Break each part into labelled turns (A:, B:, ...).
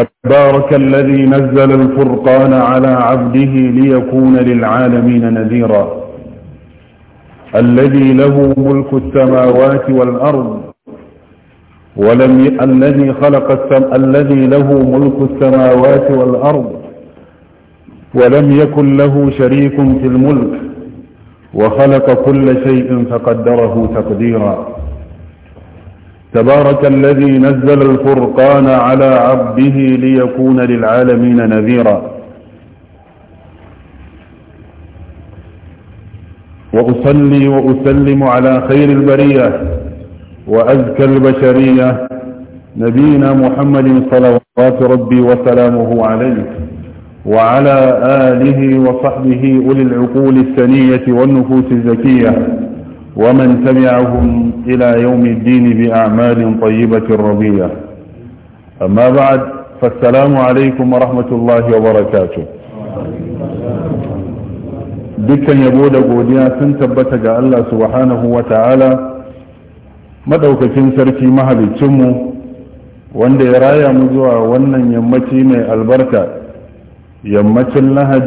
A: تبارك الذي نزل الفرقان على عبده ليكون للعالمين نذيرا الذي له ملك السماوات والأرض ولم ي... الذي خلق السم... الذي له ملك السماوات والأرض ولم يكن له شريك في الملك وخلق كل شيء فقدره تقديرا تبارك الذي نزل الفرقان على عبده ليكون للعالمين نذيرا وأصلي وأسلم على خير البرية وأزكى البشرية نبينا محمد صلوات ربي وسلامه عليه وعلى آله وصحبه أولي العقول السنية والنفوس الزكية ومن تبعهم إلى يوم الدين بأعمال طيبة رضية أما بعد فالسلام عليكم ورحمة الله وبركاته دكا يبود قوديا سنتبت جاء الله سبحانه وتعالى مدوك تنسرتي مهبي تمو وان دي رايا مزوع وان ينمتي من البركة ينمتي لها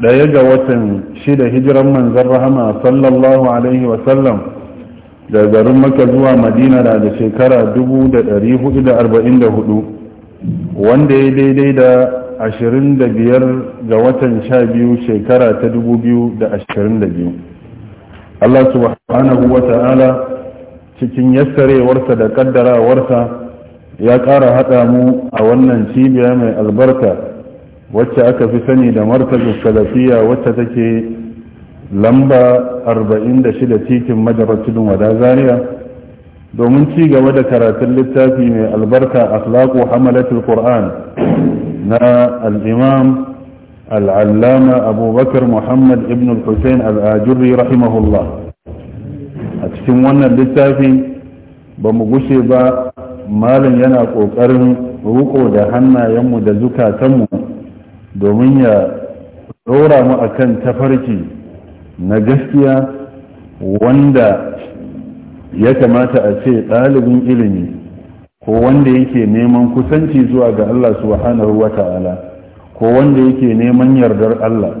A: ɗaya ga watan shida hijiran manzan rahama sallallahu alaihi wasallam da garin maka zuwa madina da da shekara 1444 wanda ya daidai da 25 ga watan 12 shekara ta 2022 Allah subhanahu wa ta'ala cikin yassarewarsa da kaddarawarsa ya ƙara haɗa mu a wannan cibiya mai albarka wacce aka fi sani da markazin salafiya wacce take lamba 46 titin madarar wada zaria domin ci gaba da karatun littafi mai albarka akhlaqu hamalatul qur'an na al-imam al-allama abubakar muhammad ibn al al-ajurri rahimahullah a cikin wannan littafi ba mu gushe ba malam yana ƙoƙarin ruko da hannayenmu da zukatanmu domin ya tsora mu akan tafarki na gaskiya wanda ya kamata a ce ɗalibin ilimi ko wanda yake neman kusanci zuwa ga Allah subhanahu wa ta'ala ko wanda yake neman yardar Allah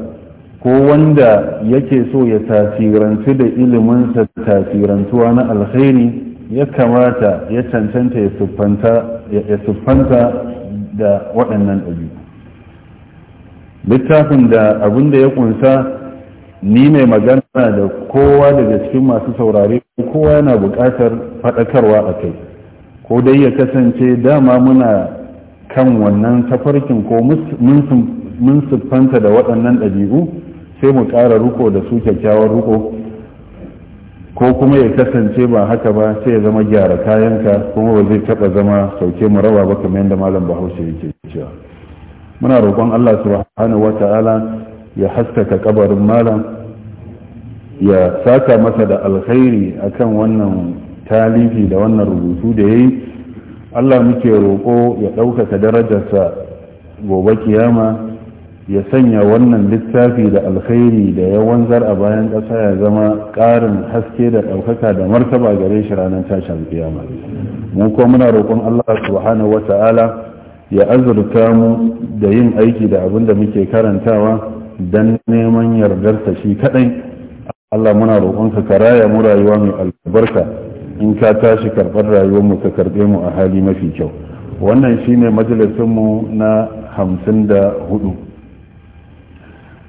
A: ko wanda yake so ya tasirantu da iliminsa tasirantuwa na alkhairi ya kamata ya cancanta ya siffanta da waɗannan ɗabi'u littafin da abin da ya kunsa ni mai magana da kowa daga cikin masu saurare kowa yana buƙatar faɗakarwa a kai ko dai ya kasance dama muna kan wannan tafarkin ko mun siffanta da waɗannan ɗabi'u sai mu ƙara ruko da su kyakkyawar ruko ko kuma ya kasance ba haka ba sai ya zama gyara kayanka kuma ba zai taɓa zama sauke mu raba ba kamar yadda malam bahaushe yake cewa muna roƙon Allah subhanahu ta'ala ya haskaka kabarin malam ya saka masa da alkhairi akan wannan talifi da wannan rubutu da yayi Allah muke roƙo ya ɗaukaka darajarsa gobe kiyama ya sanya wannan littafi da alkhairi da ya wanzar a bayan ƙasa ya zama ƙarin haske da ɗaukaka da martaba gare shi ranar tashin kiyama mu kuma muna roƙon Allah subhanahu ta'ala. ya azurta mu da yin aiki da abin da muke karantawa don neman yardarsa shi kaɗai Allah muna roƙonka ka raya mu rayuwa mai albarka in ka tashi karɓar rayuwar mu ka karɓe mu a hali mafi kyau wannan shine majalisin mu na hamsin da hudu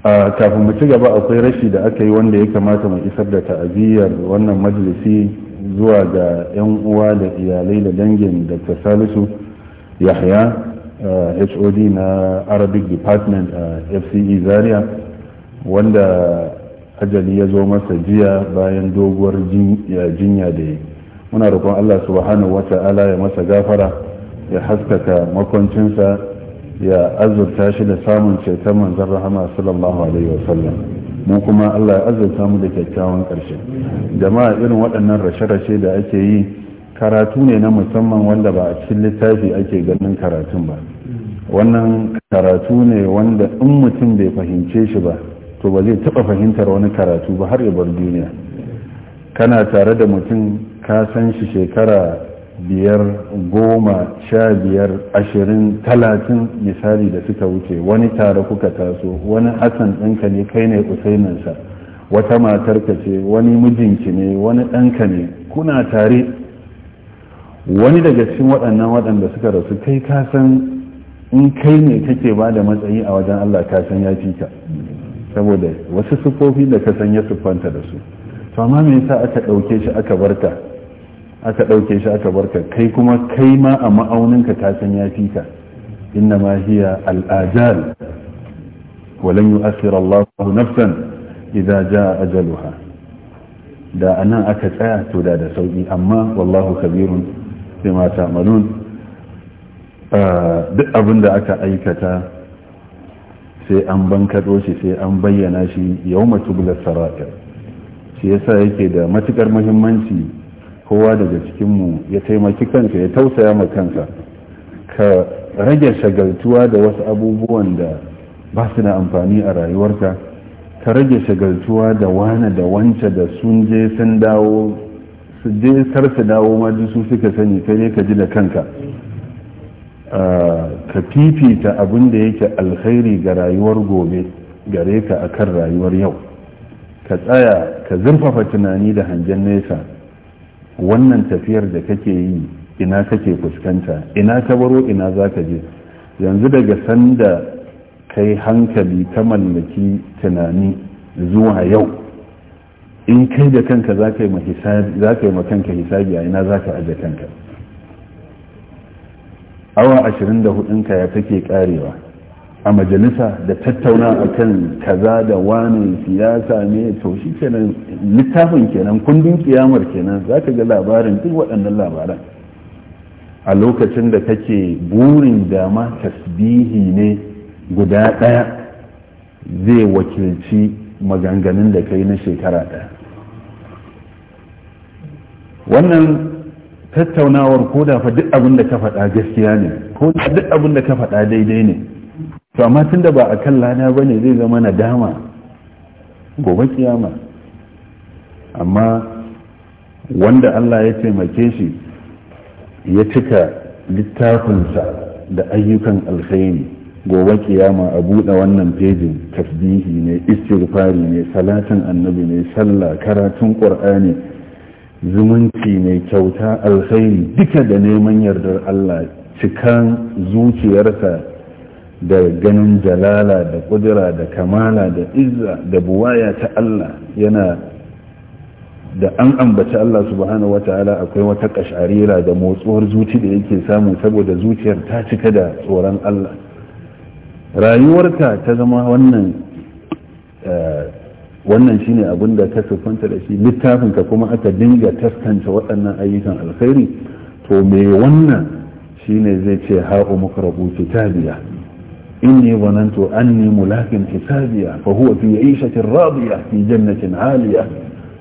A: a kafin mu ci gaba akwai rashi da aka yi wanda ya kamata mu isar da ta'aziyyar wannan majalisi zuwa ga 'yan uwa da iyalai da dangin da ta salisu yahya hod uh, na arabic department a uh, fce zaria wanda ajali ya zo masa jiya bayan doguwar jinya da yi muna roƙon allah subhanahu wa ta'ala ya masa gafara ya haskaka makoncinsa ya azurta shi da samun ceton manzon rahama sallallahu alaihi wasallam mu kuma allah ya azurta mu da kyakkyawan ƙarshe jama'a irin waɗannan rashe-rashe da ake yi karatu ne na musamman wanda ba a cikin littafi ake ganin karatun ba wannan karatu ne wanda in mutum bai fahimce shi ba to ba zai taɓa fahimtar wani karatu ba har bar duniya kana tare da mutum ka san shi shekara biyar goma sha biyar ashirin talatin misali da suka wuce wani tare kuka taso wani hassan ɗinka ne kai ne usainansa wata matarka ce wani mijinki ne wani ɗanka ne kuna tare wani daga cikin waɗannan waɗanda suka rasu kai ka san in kai ne kake ba da matsayi a wajen Allah ka san ya fi ka saboda wasu siffofi da ka san ya siffanta da su to amma me yasa aka ɗauke shi aka barka aka dauke shi aka barka kai kuma kai ma a ma'aunin ka san ya fi ka inna ma hiya al'ajal walan yu'akhir Allah nafsan idza jaa ajaluha da anan aka tsaya to da da sauki amma wallahu kabirun bima ta'malun Eh, duk abin da aka aikata sai an bankaɗo shi sai an bayyana shi yau matubula sara'ir shi yasa yake da matukar muhimmanci kowa daga cikinmu ya taimaki kanka ya tausaya ma kanka ka rage shagaltuwa da wasu abubuwan da ba su da amfani a rayuwarka ka rage shagaltuwa da wane da wance da sun je sun dawo su je kar su dawo ma su suka sani kai ne ka ji da kanka ka fifita abin da yake alkhairi ga rayuwar gobe gare ka akan rayuwar yau ka tsaya ka zurfafa tunani da hangen nesa wannan tafiyar da kake yi ina kake fuskanta ina ka baro ina za ka je yanzu daga sanda kai hankali ka mallaki tunani zuwa yau in kai da kanka za ka yi ma kanka hisabi a ina za ka aje kanka awa ashirin da kaya ya kake karewa a majalisa da tattauna a kan kaza da wani siyasa ne to shi kenan littafin kenan kundin kiyamar kenan za ka ga labarin duk waɗannan labaran a lokacin da kake burin dama tasbihi ne guda ɗaya zai wakilci maganganun da kai na shekara ɗaya wannan tattaunawar ko da fa duk abin da ka faɗa gaskiya ne ko da duk abin da ka faɗa daidai ne to amma da ba a kan lana ba ne zai zama nadama gobe kiyama amma wanda Allah ya taimake shi ya cika littafinsa da ayyukan alkhairi gobe kiyama a buɗe wannan fejin tasbihi ne istighfari ne salatin annabi ne sallah karatun qur'ani zumunci mai kyauta alkhairi duka da neman yardar Allah cikan zuciyarsa da ganin jalala da kudura da kamala da izza da buwaya ta Allah yana da an ambaci Allah subhanahu wata'ala akwai wata kasharira da motsuwar zuci da yake samu saboda zuciyar ta cika da tsoron Allah rayuwarka ta zama wannan eh, wannan shine abin da ka siffanta da shi littafin ka kuma aka dinga taskanta waɗannan ayyukan alkhairi to me wannan shine zai ce ha'u muqrabu kitabiya inni wanantu anni mulakin kitabiya fa huwa fi 'ishatin radiya fi jannatin 'aliya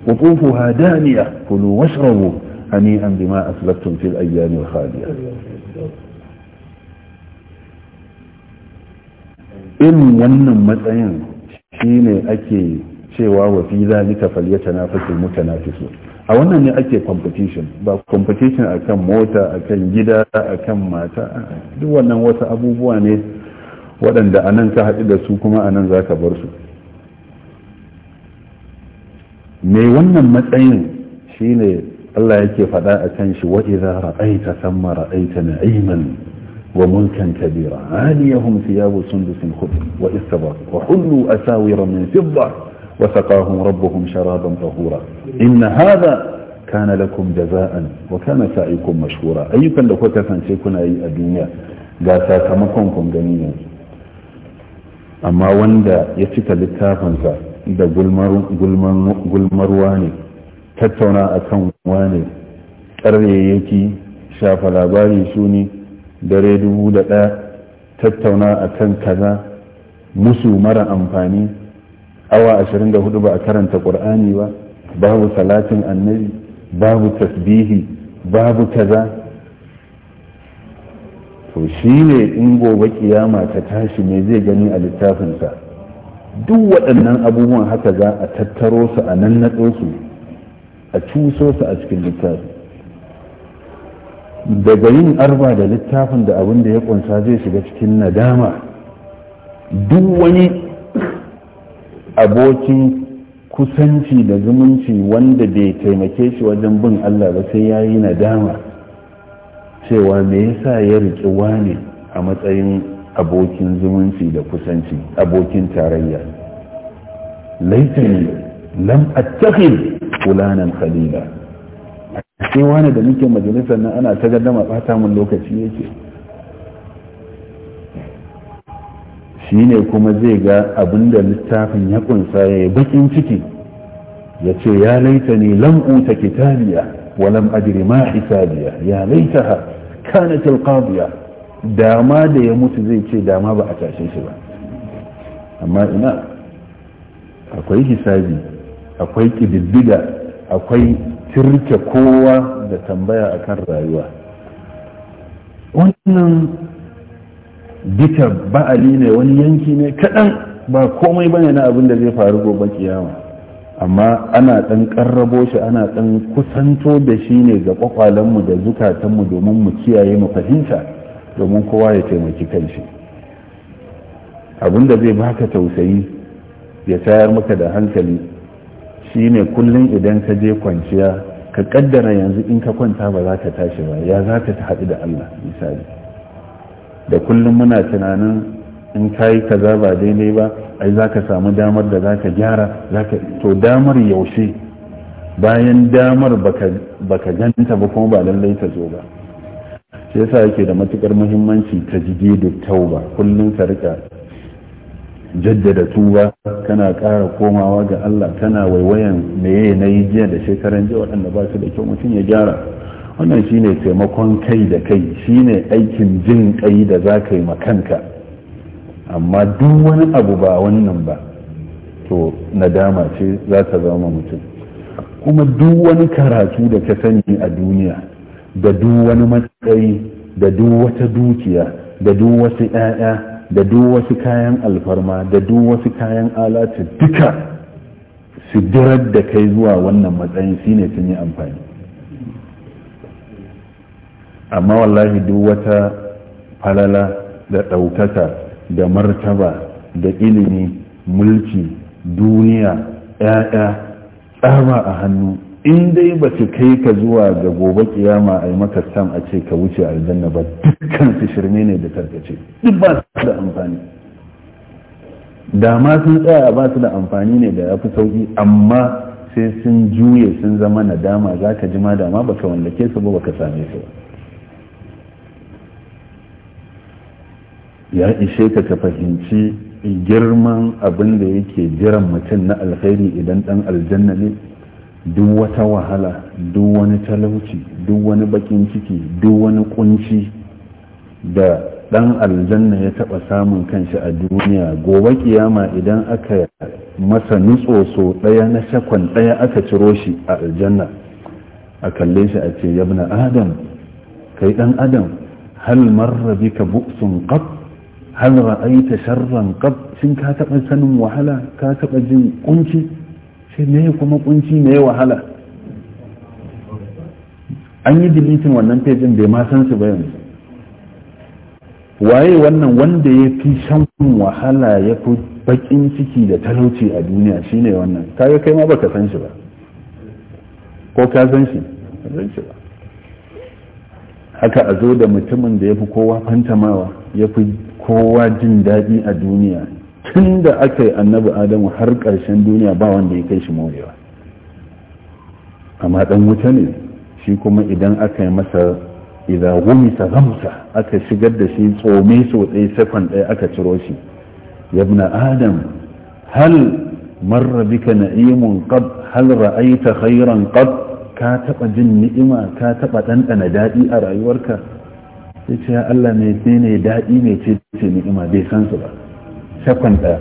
A: قطوفها دانية كلوا واشربوا هنيئا بما أسلفتم في الأيام الخالية in wannan matsayin shine ake cewa wa fi zalika falyatanafasu mutanafisu a wannan ne ake competition ba competition akan mota akan gida akan mata duk wannan wasu abubuwa ne waɗanda anan ka haɗu da su kuma anan nan za ka bar su mai wannan matsayin shine Allah yake faɗa a kan shi wa idza ra'aita thamma ra'aita na'iman wa mulkan kabira aliyahum thiyabu sundusin khudr wa istabar wa hullu asawira min fidda وسقاهم ربهم شرابا طهورا إن هذا كان لكم جزاء وكان سعيكم مشهورا أيكم لو kuna yi أي duniya ga sakamakon kun gani yanzu amma wanda ya cika littafinsa da gulmarwa ne tattauna a kan wane ƙaryayyaki shafa labari suni ne dare dubu da ɗaya tattauna a kan kaza musu mara amfani awa 24 ba a karanta qur'ani ba babu salatin annabi babu tasbihi babu kaza to shi ne in gobe kiyama ta tashi ne zai gani a littafinsa duk waɗannan abubuwan haka za a tattaro su a nan natso su a cuso su a cikin littafi daga yin arba da littafin da abin da ya kunsa zai shiga cikin nadama duk wani abokin kusanci da zumunci wanda bai taimake shi wajen bin Allah ba sai ya yi nadama cewa me yasa ya riƙi wane a matsayin abokin zumunci da kusanci abokin tarayya
B: laifin
A: lam attakhid fulanan khalila sai wani da muke majalisar nan ana ta gaddama bata mun lokaci yake Shi ne kuma zai ga abin da littafin ya kunsa ya bakin ciki ya ce ya laita ne lam uta kitabiya wa lam ajri ma hisabiya ya laita kana kanat alqadiya dama da ya mutu zai ce dama ba a tashe shi ba amma ina akwai hisabi akwai kididdiga akwai tirke kowa da tambaya akan rayuwa wannan bita ba'ali ne wani yanki ne kaɗan ba komai bane na abin da zai faru gobe kiyama amma ana ɗan ƙarrabo shi ana ɗan kusanto da shi ne ga mu da zukatan mu domin mu kiyaye mu fahimta domin kowa ya taimaki kanshi abin da zai baka tausayi ya tayar maka da hankali shi ne kullum idan ka je kwanciya ka kaddara yanzu in ka kwanta ba za ka tashi ba ya za ka haɗu da allah misali da kullum muna tunanin in ka kaza ba daidai ba ai za ka samu damar da za ka gyara to damar yaushe bayan damar baka ganta ba kuma ba lallai ta zo ba shi yasa yake da matukar muhimmanci ta jige da tauba kullum ka rika jaddada tuba kana ƙara komawa ga Allah kana waiwayan meye na yi jiya da shekaran jiya waɗanda ba su da kyau mutum ya gyara wannan shine taimakon kai da kai shine aikin jin kai da za ka yi makanka amma duk wani abu ba wannan ba to nadama ce za ta zama mutum kuma duk wani karatu da ka sani a duniya da duk wani matsayi da duk wata dukiya da duk wasu 'ya'ya da duk wasu kayan alfarma da duk wasu kayan alatu duka su dirar da kai zuwa wannan matsayin shine sun yi amfani amma wallahi duk wata falala da ɗaukaka da martaba da ilimi mulki duniya ‘ya'ya tsama a hannu in dai ba su kai ka zuwa ga gobe kiyama a yi maka sam a ce ka wuce aljanna ba dukkan su shirme ne da tarkace duk ba su da amfani da sun tsaya ba su da amfani ne da ya fi sauki amma sai sun juye sun zama nadama za ka ji ma dama baka wallake su ba ka same su ba ya ishe ka ka fahimci girman abin da yake jiran mutum na alkhairi idan dan aljanna ne duk wata wahala duk wani talauci duk wani bakin ciki duk wani kunci da dan aljanna ya taba samun kanshi a duniya gobe kiyama idan aka masa nutso so daya na shakon daya aka ciro shi a aljanna a kalle shi a ce yabna adam kai dan adam hal marra bika bu'sun qat hal ra'aita sharran qab shin ka taba sanin wahala ka taba jin kunci sai me kuma kunci me wahala an yi dilitin wannan pejin bai ma san su ba yanzu waye wannan wanda ya fi shan wahala ya fi bakin ciki da talauci a duniya shine wannan kaga kai ma baka san shi ba ko ka san shi san shi ba haka a zo da mutumin da ya fi kowa fantamawa ya fi kowa jin daɗi a duniya tun da aka yi annabi adamu har ƙarshen duniya ba wanda ya kai shi morewa amma ɗan wuta ne shi kuma idan aka yi masa idan gumisa gamsa aka shigar da shi tsome sosai ɗaya ɗaya aka ciro shi yabna adam hal marra bika na'imun qad hal ra'aita khairan qad ka taɓa jin ni'ima ka taɓa ɗanɗana daɗi a rayuwarka sai ce ya Allah mai ne daɗi mai ce ce ni'ima bai san su ba sakon ɗaya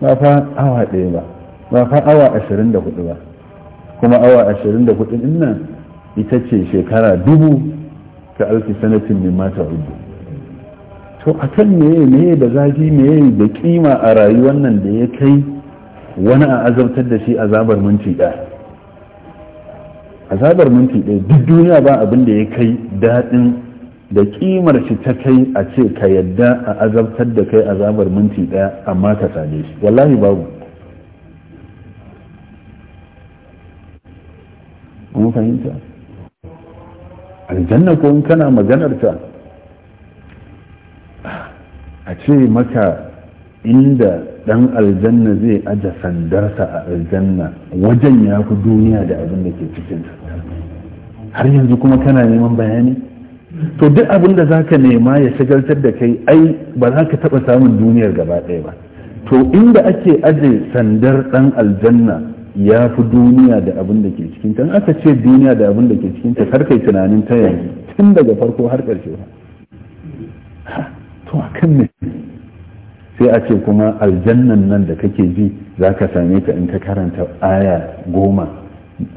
A: ba fa awa ɗaya ba ba fa awa ashirin da hudu ba kuma awa ashirin da hudu ɗin ita ce shekara dubu ta alfi sanatin min mata hudu to a kan meye meye da zafi meye da kima a rayuwar nan da ya kai wani a azabtar da shi azabar minti ɗaya azabar minti ɗaya duk duniya ba abin da ya kai daɗin da kimar shi ta kai a ce ka yadda a azabtar da kai azabar minti ɗaya, amma ka same shi wallahi babu mun fahimta aljanna ko in kana maganar ta a ce maka inda dan aljanna zai aje sandarsa a aljanna wajen ya fi duniya da abin da ke cikinta har yanzu kuma kana neman bayani to duk abin da zaka nema ya shagaltar da kai ai ba za ka taɓa samun duniyar gaba ɗaya ba to inda ake aje sandar ɗan aljanna ya fi duniya da abin da ke cikinta in aka ce duniya da abin da ke cikinta har kai tunanin ta yanzu tun daga farko har ƙarshe to a kan ne sai a ce kuma aljannan nan da kake ji za ka same ta in ka karanta aya goma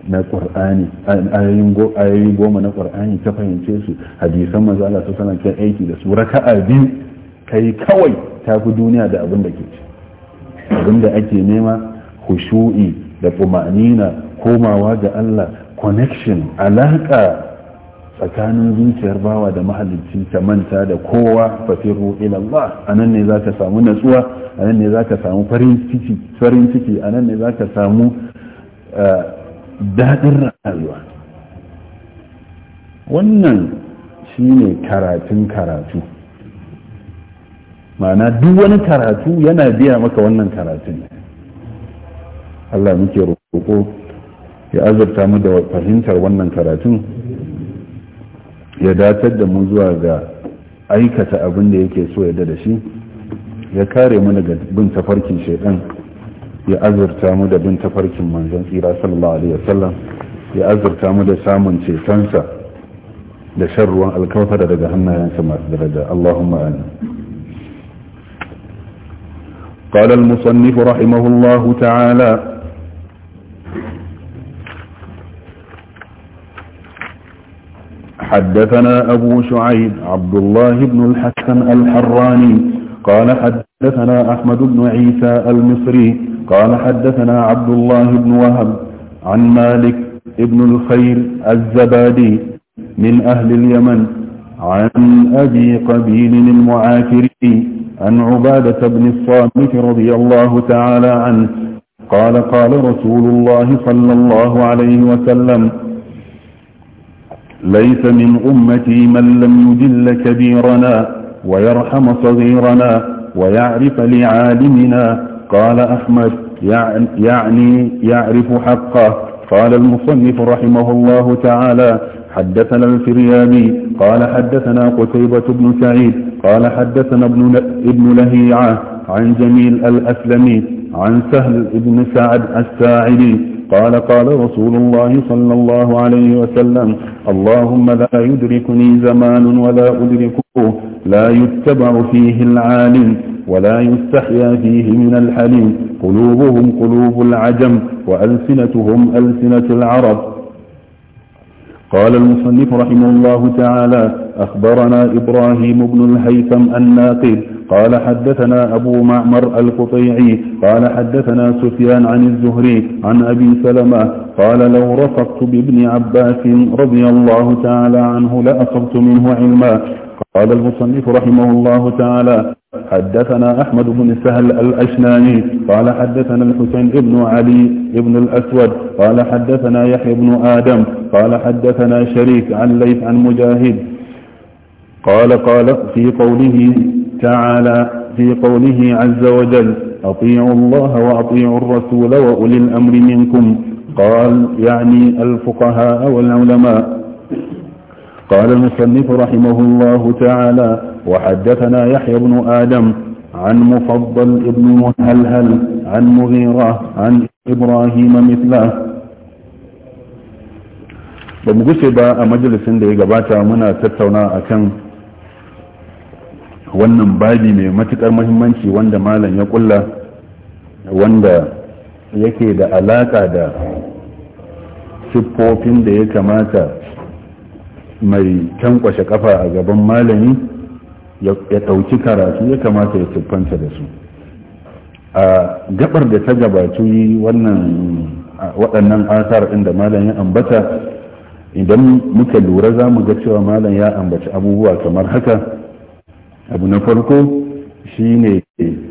A: na qur'ani ayoyin goma na qur'ani ta fahimce su hadisan maza Allah sallallahu alaihi aiki da su raka'a biyu kai kawai ta fi duniya da abin da ke ci abin da ake nema khushu'i da na komawa ga Allah connection alaƙa. tsakanin zuciyar bawa da mahalicci ta manta da kowa fasiru ilallah Allah anan ne za ka samu natsuwa anan ne za ka samu farin ciki farin ciki anan ne ka samu eh, daɗin rayuwa wannan shi ne karatun karatu ma'ana duk wani karatu yana biya maka wannan karatun Allah muke roƙo ya azurta mu da fahimtar wannan karatun ya datar da mu zuwa ga aikata abin da yake so ya da shi ya kare mu daga bin tafarkin shaidan ya azurta mu da bin tafarkin manzon tsira sallallahu alaihi wasallam ya azurta mu da samun cetonsa da shan ruwan alkawfara daga hannayensa masu daraja Allahumma amin قال المصنف رحمه الله تعالى حدثنا أبو شعيب عبد الله بن الحسن الحراني قال حدثنا أحمد بن عيسى المصري قال حدثنا عبد الله بن وهب عن مالك ابن الخير الزبادي من أهل اليمن عن أبي قبيل المعافري عن عبادة بن الصامت رضي الله تعالى عنه قال قال رسول الله صلى الله عليه وسلم ليس من أمتي من لم يدل كبيرنا ويرحم صغيرنا ويعرف لعالمنا قال أحمد يعني-, يعني يعرف حقه قال المصنف رحمه الله تعالى حدثنا الفريابي قال حدثنا قتيبة بن سعيد قال حدثنا ابن, ابن لهيعة عن جميل الأسلمي عن سهل بن سعد الساعدي قال قال رسول الله صلى الله عليه وسلم اللهم لا يدركني زمان ولا أدرك لا يتبع فيه العالم ولا يستحيا فيه من الحليم قلوبهم قلوب العجم وألسنتهم ألسنة العرب قال المصنف رحمه الله تعالى أخبرنا إبراهيم بن الهيثم الناقد قال حدثنا أبو معمر القطيعي قال حدثنا سفيان عن الزهري عن أبي سلمة قال لو رفقت بابن عباس رضي الله تعالى عنه لأخذت منه علما قال المصنف رحمه الله تعالى حدثنا أحمد بن سهل الأشناني قال حدثنا الحسين بن علي بن الأسود قال حدثنا يحيى بن آدم قال حدثنا شريك عن ليث عن مجاهد قال قال في قوله تعالى في قوله عز وجل أطيعوا الله وأطيعوا الرسول وأولي الأمر منكم قال يعني الفقهاء والعلماء قال المصنف رحمه الله تعالى وحدثنا يحيى بن آدم عن مفضل ابن مهلهل عن مغيرة عن إبراهيم مثله ba mu gushe ba a majalisin da ya gabata muna tattauna akan wannan babi mai matukar muhimmanci wanda malam ya kulla wanda yake da alaƙa da siffofin da ya kamata mai tankwashe ƙafa a gaban malami ya ɗauki karatu ya kamata ya siffanta da su a gabar da ta gabatu yi wannan waɗannan asar inda malam ya ambata idan muka lura za mu ga cewa malam ya ambaci abubuwa kamar haka abu na farko shine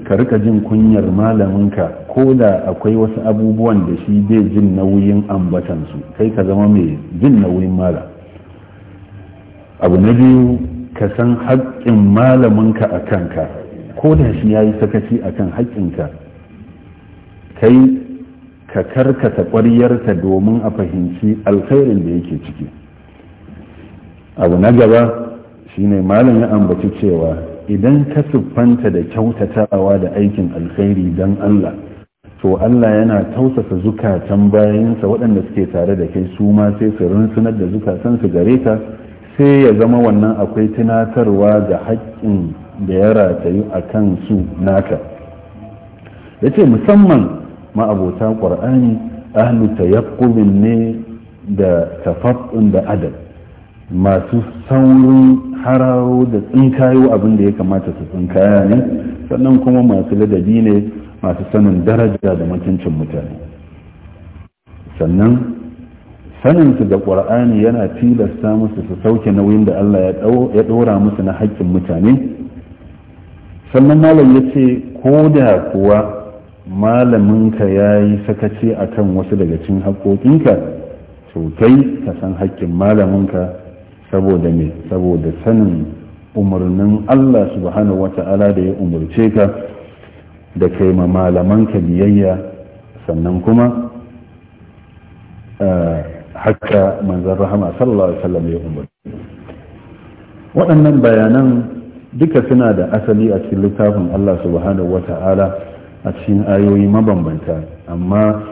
A: ka rika jin kunyar malaminka ko da akwai wasu abubuwan da shi bai jin nauyin ambatansu kai ka zama mai jin nauyin mala abu na biyu ka san haƙƙin malaminka a kanka ko da shi ya yi sakaci a kan haƙƙinka kai ka karkata ƙwaryarka domin a fahimci alkhairin da yake ciki abu na gaba shine malam ya ambaci cewa idan ka siffanta da kyautatawa da aikin alkhairi don Allah to Allah yana tausasa zukatan bayansa waɗanda suke tare da kai su ma sai su rinsunar da zukatan su gare ka sai ya zama wannan akwai tunatarwa ga haƙƙin da ya ratayu a kan su naka ya ce musamman ma'abota ƙwar'ani ahlu tayaqqubin ne da tafaddun da adab masu saurin hararo da tsinkayo abin da ya kamata su tsinkaya ne sannan kuma masu ladabi ne masu sanin daraja da mutuncin mutane sannan saninsu da ƙwar'ani yana tilasta musu su sauke nauyin da allah ya ɗora musu na haƙƙin mutane sannan malam ya ce ko da kuwa malaminka ya yi sakaci kan wasu daga cin haƙƙoƙinka to kai ka san haƙƙin malaminka saboda me saboda sanin umarnin Allah subhanahu wata'ala da ya umarce ka da kai ma ka biyayya sannan kuma eh, haka manzan rahama sallallahu alaihi wasallam ya umarce waɗannan bayanan duka suna da asali a cikin littafin Allah subhanahu wata'ala a cikin ayoyi mabambanta amma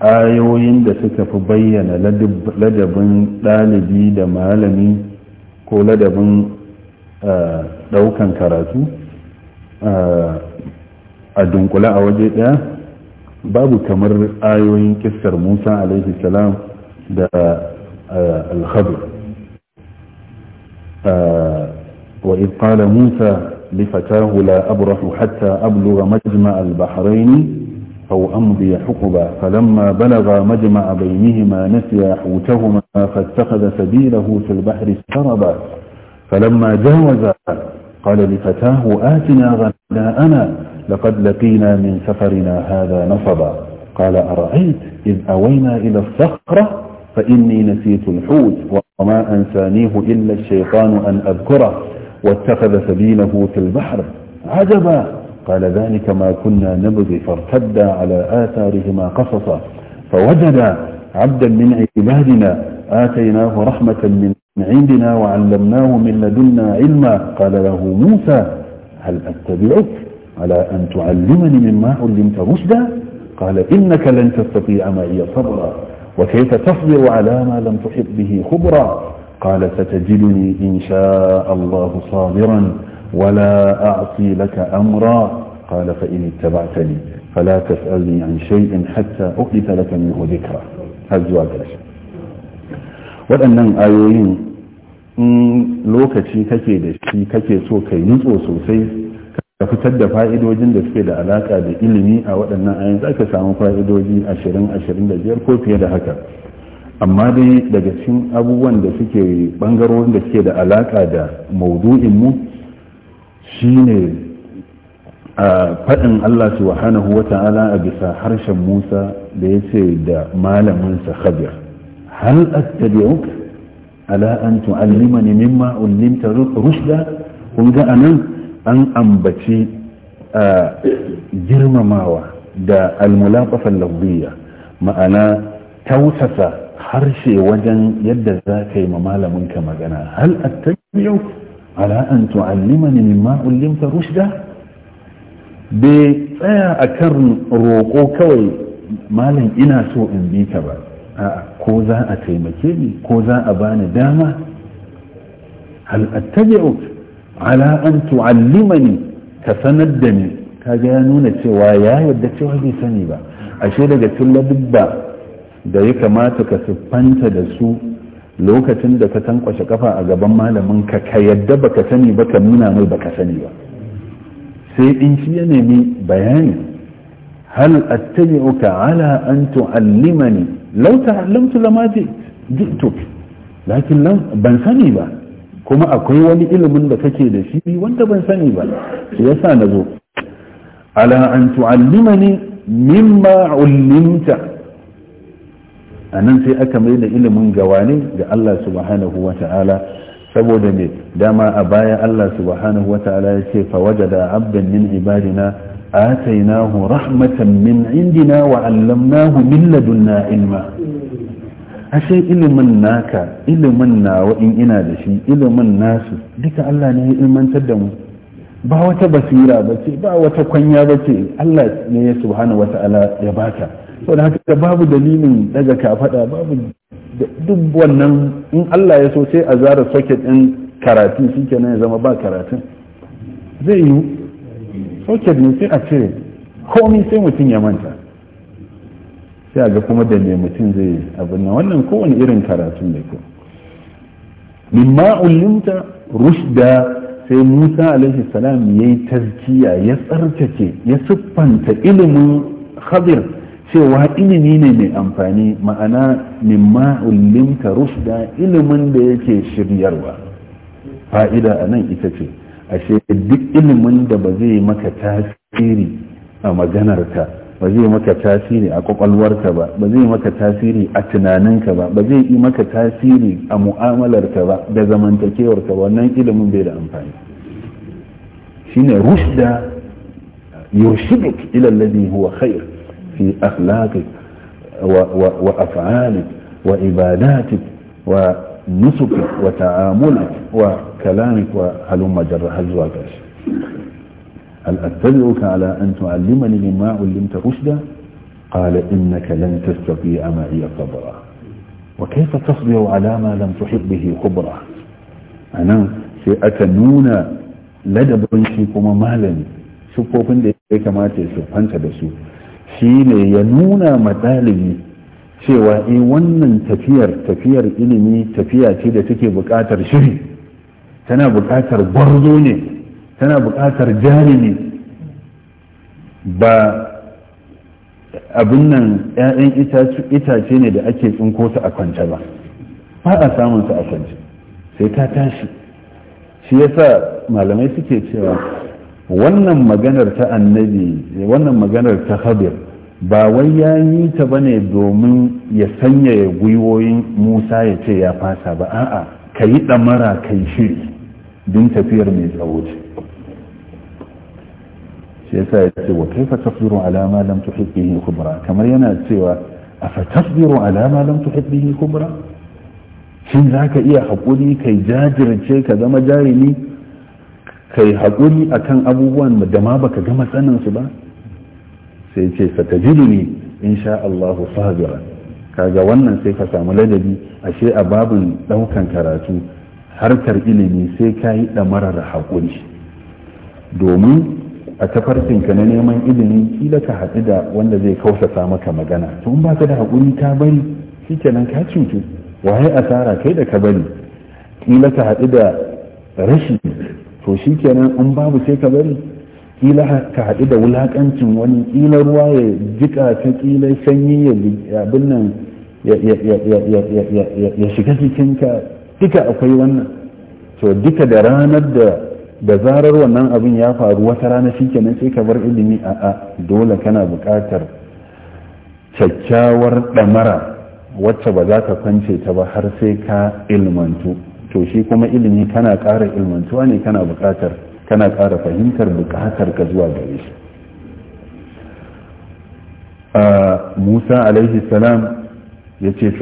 A: ayoyin da suka fi bayyana ladabin ɗalibi da malami ko ladabin eh, ɗaukan karatu eh, a dunkula a waje ɗaya babu kamar ayoyin kistar musa salam da eh, alhabar wa qala musa لفتاه abrahu hatta abluga أبلغ مجمع البحرين أو أمضي حقبا فلما بلغ مجمع بينهما نسيا حوتهما فاتخذ سبيله في البحر سربا فلما جاوزا قال لفتاه آتنا غناءنا لقد لقينا من سفرنا هذا نصبا قال أرأيت إذ أوينا إلى الصخرة فإني نسيت الحوت وما أنسانيه إلا الشيطان أن أذكره واتخذ سبيله في البحر عجبا قال ذلك ما كنا نبغي فارتدا على آثارهما قصصا فوجد عبدا من عبادنا آتيناه رحمة من عندنا وعلمناه من لدنا علما قال له موسى هل أتبعك على أن تعلمني مما علمت رشدا قال إنك لن تستطيع معي صبرا وكيف تصبر على ما لم تحط به خبرا قال ستجدني إن شاء الله صابرا ولا أعصي لك أمرا قال فإن اتبعتني فلا تسألني عن شيء حتى أحدث لك منه ذكرى هزوا كرشا waɗannan ayoyin in lokaci kake da shi kake so kai nutso sosai ka fitar da fa'idojin da suke da alaka da ilimi a waɗannan ayin za ka samu fa'idoji da biyar ko fiye da haka amma dai daga cikin abubuwan da suke ɓangarorin da suke da alaƙa da maudu'in mu shine faɗin Allah subhanahu wa ta'ala a bisa harshen Musa da ya ce da malaminsa Khadir hal attabi'uka ala an tu'allimani mimma ullimta rushda kun ga anan an ambaci girmamawa da almulaqafa lafziya ma'ana tausasa harshe wajen yadda za ka yi ma malaminka magana hal attabi'uka ala an tu'allimani mimma rushda bai tsaya akan roƙo kawai malam ina so in bi ka ba a'a ko za a taimake ni ko za a bani dama hal attabi'uk ala an tu'allimani ka sanar da ni kaga ya nuna cewa ya yarda cewa bai sani ba ashe daga tilla dubba da ya kamata ka siffanta da su lokacin da ka tankwashe kafa a gaban malamin ka ka yadda baka sani ba ka nuna mai baka sani ba sai in shi ya nemi bayani hal attabi'uka ala an tu'allimani law ta'allamtu lama ji'tuk lakin lam ban sani ba kuma akwai wani ilimin da kake da shi wanda ban sani ba shi yasa nazo ala an tu'allimani mimma ullimta a nan sai aka mai da ilimin gawane ga Allah subhanahu wa ta'ala saboda me dama a baya Allah subhanahu wa ta'ala ya ce fa wajada abdan min ibadina atainahu rahmatan min indina wa allamnahu min ladunna ilma ashe ilimin naka ilimin nawa in ina da shi ilimin nasu duka Allah ne ya ilmantar da mu ba wata basira ce, ba wata kwanya bace Allah ne ya subhanahu wa ta'ala ya baka sau da haka babu dalilin daga kafaɗa babu duk wannan in Allah ya so sai a zara soket din karatu nan ya zama ba karatun zai yi socket ne sai a cire komi sai mutum ya manta sai a ga kuma da ne mutum zai abin nan wannan kowane irin karatu ne ko mimma ulimta rushda sai Musa alaihi salam yi tazkiya ya tsarkake ya siffanta ilimin khabir cewa ilimi ne mai amfani ma'ana mimma ulimta rusda ilimin da yake shiryarwa fa'ida a nan ita ce ashe duk ilimin da ba zai maka tasiri a maganarka ba zai maka tasiri a kwakwalwarka ba ba zai maka tasiri a tunaninka ba ba zai yi maka tasiri a mu'amalarka ba da zamantakewarka wannan ilimin bai da amfani shine rusda yurshiduk ila alladhi huwa khair في أخلاقك وأفعالك وعباداتك ونسكك وتعاملك وكلامك وهلم جر هل زواجك هل أتبعك على أن تعلمني مما علمت رشدا قال إنك لن تستطيع معي صبرا وكيف تصبر على ما لم تحط به خبرا أنا sai aka nuna ladabin مالا شوفوا malami كما da ya kamata Shi shine ya nuna ma ɗalibi cewa eh wannan tafiyar tafiyar ilimi tafiya ce da take buƙatar shiri tana buƙatar gwarzo ne tana buƙatar jarumi ba abin nan 'ya'yan itace ne da ake tsinko su a kwance ba ba a samun su a kwance sai ta tashi shi yasa malamai suke cewa wannan maganar ta annabi wannan maganar ta habir ba wai ya yi ta ba ne domin ya sanyaya gwiwoyin musa ya ce ya fasa ba a'a ka yi ɗamara ka yi shiri din tafiyar mai tsawo ce shi yasa ya ce wa kai tasbiru alama ma lam tuhit bihi kubra kamar yana cewa afa tasbiru ala ma lam tuhit bihi kubra shin ka iya haƙuri kai jajirce ka zama jarumi kai haƙuri akan abubuwan da ma baka gama sanin su ba sai ce ta ne, satajiduni insha Allah sabira kaga wannan sai ka samu ladabi ashe a babin ɗaukan karatu harkar ilimi sai ka yi ɗamarar haƙuri domin a ka na neman ilimi kila ka haɗu da wanda zai kausata maka magana Tun in ka da haƙuri ka bari shi kenan ka cutu waye asara kai da ka bari kila ka haɗu da rashi to shi kenan in babu sai ka bari kila ka haɗu da wulaƙancin wani kila ruwa ya jika ta kila sanyi ya abin nan ya shiga jikinka duka akwai wannan to duka da ranar da da zarar wannan abin ya faru wata rana shi kenan sai ka bar ilimi a a dole kana buƙatar kyakkyawar ɗamara wacce ba za ka kwance ta ba har sai ka ilmantu to shi kuma ilimi kana ƙara ilmantuwa ne kana buƙatar kana ƙara fahimtar buƙatar ka zuwa gare shi musa alaihi salam ya ce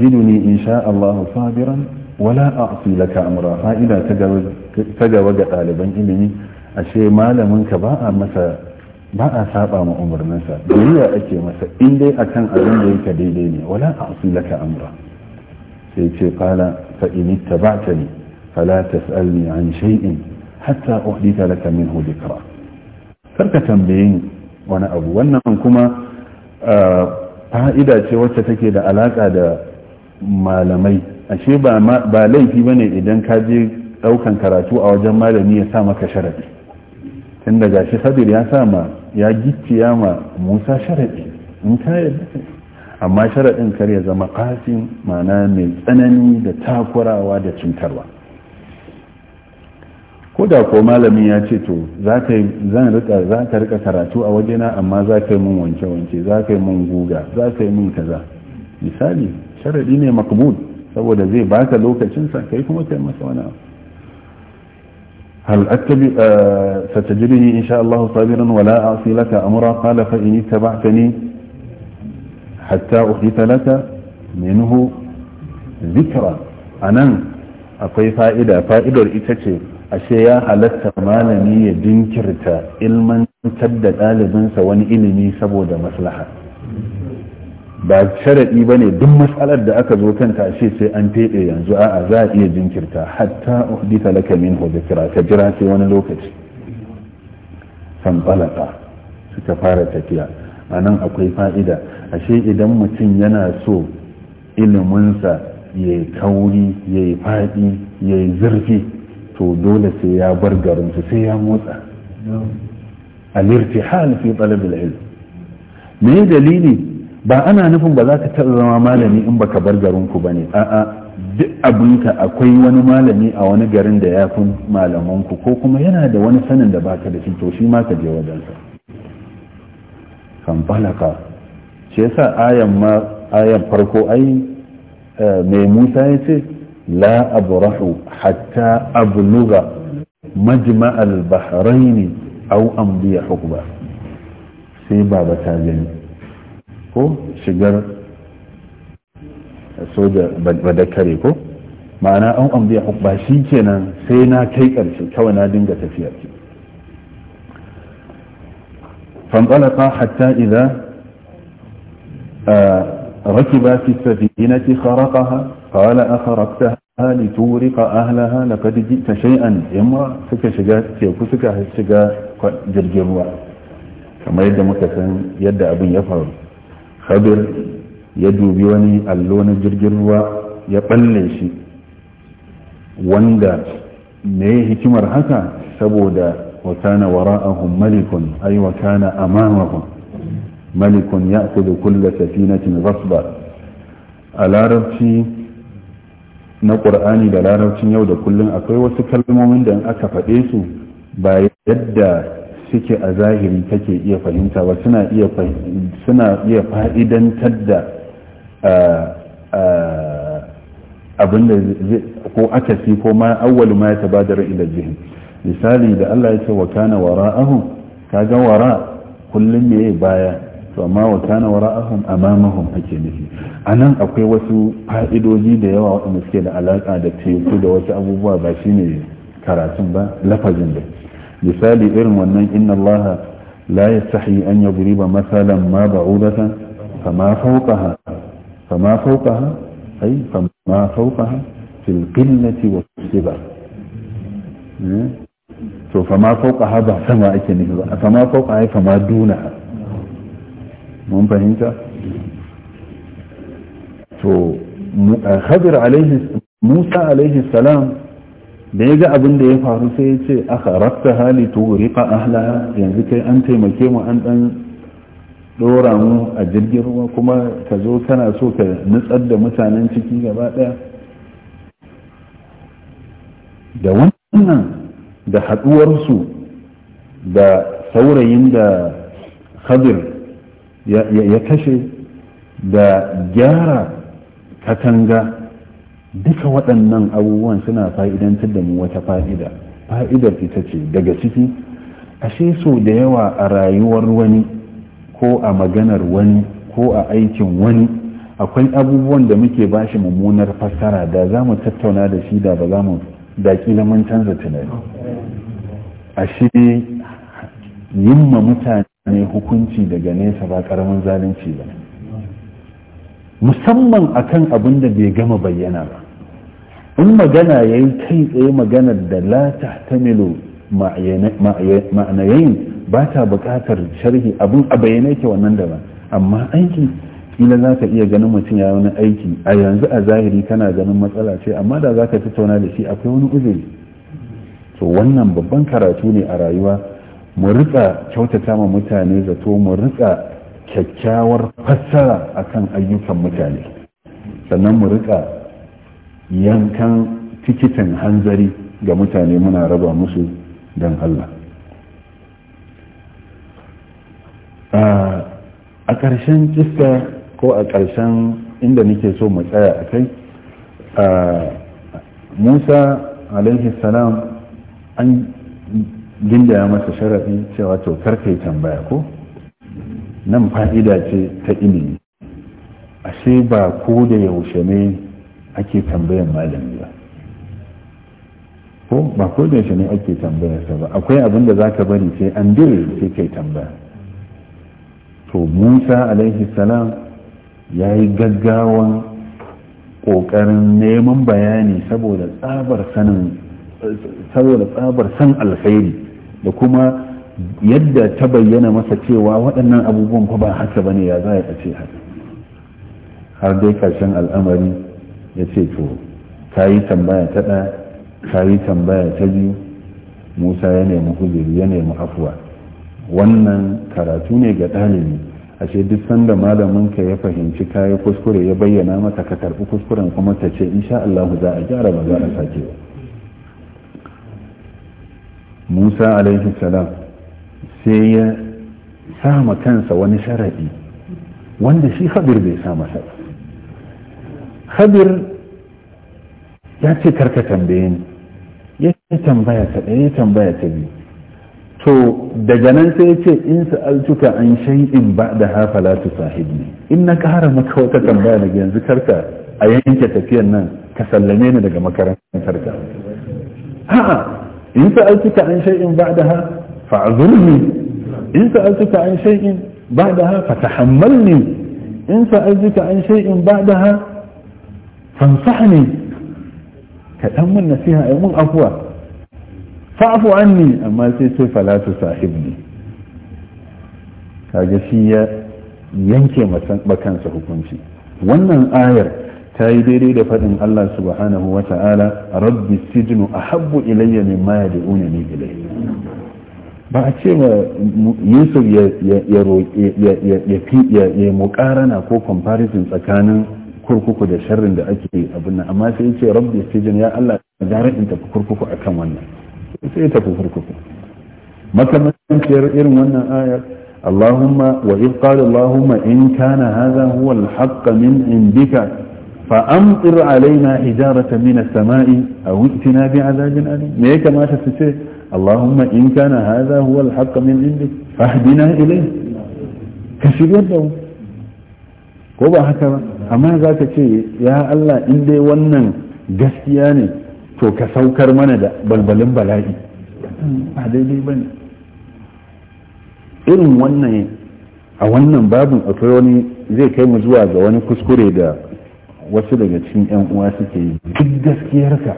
A: in insha Allah sabiran wala a'si laka amra fa'ida ta gaba ga ɗaliban ilimi ashe malamin ka ba a masa ba a saba ma umarninsa biyayya ake masa in dai akan abin da yake daidai ne wala a'si laka amra sai ce qala fa in ittaba'tani فلا تسألني عن شيء حتى أحدث لك منه ذكرى karka tambaye ni wani abu wannan kuma fa'ida ce wacce take da alaƙa da malamai ashe ba laifi ba ne idan ka je ɗaukan karatu a wajen malami ya sa maka sharaɗi tun daga shi sadir ya ma gicciya ma musa sharaɗi in ka yadda amma sharaɗin kar ya zama ƙasin mana mai tsanani da takurawa da cutarwa ko da ko malami ya ce to za ka rika karatu a wajena amma za ka yi mun wanke-wanke za ka yi mun guga za ka yi mun kaza misali sharadi ne makbul saboda zai baka lokacinsa kai kuma kai masa wani abu هل أتبع ستجدني إن شاء الله صابرا ولا أعصي لك أمرا قال فإن اتبعتني حتى أحدث لك منه ذكرى أنا أقي فائدة فائدة إتشير ashe ya halatta malami ya jinkirta ilmantar da ɗalibinsa wani ilimi saboda maslaha ba sharaɗi ba ne duk matsalar da aka zo kanta ashe sai an feɗe yanzu a'a za a iya jinkirta hatta uhdita laka min dhikra ka jira sai wani lokaci sanbalata suka fara tafiya a nan akwai fa'ida ashe idan mutum yana so iliminsa ya yi kauri ya yi faɗi ya yi zurfi to dole sai ya bar garinsu sai ya motsa al fi talab al-ilm me dalili ba ana nufin ba za ka taɓa zama malami in baka bar garinku ba ne a'a duk abinka akwai wani malami a wani garin da ya fi malamanku ko kuma yana da wani sanin da baka da shi to shi ma ka je wajensa kan balaka shi yasa ayan ma ayan farko ai eh, mai musa ya ce la abrahu hatta abluga majma al-bahrain aw amdiya hukba sai baba ta gani ko shigar soja badakare ko ma'ana an amdiya hukba shi kenan sai na kai karshe kawai na dinga tafiya ce fanɗalaka hatta idan rakiba fi قال أخرقتها لتورق أهلها لقد جئت شيئا يما سكا شجا تيكو سكا شجا جرجروا كما يدى مكسن يدى أبن يفعل خبر يدو بيواني اللون جرجروا يقلل شيء wanda me ya hikimar haka saboda wa kana wara'ahum malikun ay wa kana amamahum malikun ya'khudhu kulla safinatin a larabci na ƙur'ani da larabcin yau da kullum akwai wasu kalmomin da in aka faɗe su ba yadda suke a zahiri take iya fahimta ba suna iya suna iya fa'idantar da abinda ko ko si ko ma awwalu ma ya da ila zihin misali da Allah ya ce wa kana wara'ahu kaga wara kullum ne baya to amma wa kana wara'ahum amamahum ake nufi a nan akwai wasu fa'idoji da yawa waɗanda suke da alaka da teku da wasu abubuwa ba shi ne karatun ba lafazin da misali irin wannan inna allaha la sahi an ya guri yadriba masalan ma ba'udatan fama fawqaha fama fawqaha ay fama fawqaha fil qillati was sibar eh? to fama fawqaha ba sama ake nufi ba fama fawqaha fama dunaha mun fahimta to khadir alaihi musa alaihi salam da ya ga abin da ya faru sai ya ce aka rafta hali tuhuriqa ahla yanzu kai an taimake mu an dan dora mu a jirgin ruwa kuma ka zo kana so ka nutsar da mutanen ciki gaba daya da wannan da haduwarsu da saurayin da khadir ya kashe da gyara katanga duka waɗannan abubuwan suna fa'idantar da mu wata fa'ida fa'idar ita ce daga ciki ashe so da yawa a rayuwar wani ko a maganar wani ko a aikin wani akwai abubuwan da muke bashi mummunar fassara da za mu tattauna da shi da ba za mu da kila canza tunani ashe yin ma mutane ne hukunci daga nesa ba karamin zalunci ba musamman akan abin da bai gama bayyana ba in magana ya yi kai tsaye maganar da la tahtamilu ma'anayin ba ta bukatar sharhi abin a bayyana ke wannan da ba, amma aiki ila za ka iya ganin mutum ya wani aiki a yanzu a zahiri kana ganin matsala ce amma da za ka tattauna da shi akwai wani uzuri to wannan babban karatu ne a rayuwa mu rika kyautata ma mutane zato mu rika kyakkyawar fassara akan ayyukan mutane sannan mu rika yankan tikitin hanzari ga mutane muna raba musu don Allah a ƙarshen kista ko a ƙarshen inda nake so mu tsaya a kai musa alaihi salam an ya masa sharafi cewa to yi tambaya ko nan fa'ida ce ta ilimi ashe ba ko da yaushe ne ake tambayan malami ba ko ba ko da yaushe ne ake tambayarsa ba akwai abin da za ka bari sai an dire sai kai tambaya to musa alaihi salam ya yi gaggawan ƙoƙarin neman bayani saboda tsabar sanin saboda tsabar san alkhairi da kuma yadda ta bayyana masa cewa waɗannan abubuwan ba haka bane ya za a ce haka har dai karshen al'amari ya ce to ka yi tambaya ta ɗaya ka yi tambaya ta biyu musa ya nemi huzuri ya nemi afuwa wannan karatu ne ga ɗalibi ashe duk sanda malamin ka ya fahimci ka ya kuskure ya bayyana mata ka karɓi kuskuren kuma ta ce insha Allah za a gyara ba za a sake ba musa alaihi salam sai ya sama kansa wani sharaɗi wanda shi khabir bai sa masa khabir ya ce karka tambaye ni ya tambaya ta ɗaya ya tambaya ta biyu to daga nan sai ya ce in sa'altuka an shay'in ba da hafala tu sahibni in na ƙara maka wata tambaya daga yanzu karka a yanke tafiyan nan ka sallame ni daga makarantar ka a'a إن سألتك عن شيء بعدها فاعذرني إن سألتك عن شيء بعدها فتحملني إن سألتك عن شيء بعدها فانصحني كأمن نسيها أمن أفوى فاعفو عني أما سيسي فلا تساحبني كاجسية ينكي مكان yanke makansa hukunci wannan ta yi daidai da faɗin Allah subhanahu wa ta'ala rabbi sijnu ahabbu ilayya mimma yad'una ni ilayhi ba a ce ma Yusuf ya ya ya ko comparison tsakanin kurkuku da sharrin da ake abin nan amma sai ce rabbi sijnu ya Allah gara in tafi kurkuku akan wannan sai tafi kurkuku makamanciyar irin wannan ayar اللهم وإذ قال اللهم إن كان هذا هو الحق من عندك فأمطر علينا حجارة من السماء أو ائتنا بعذاب أليم ما كما تسير اللهم إن كان هذا هو الحق من عندك فاهدنا إليه كشف يده ko ba haka ba amma za ka ce ya Allah in dai wannan gaskiya ne to ka saukar mana da balbalin bala'i ba daidai ba ne irin wannan a wannan babin akwai wani zai kai mu zuwa ga wani kuskure da wasu daga cikin yan uwa suke yi duk gaskiyarka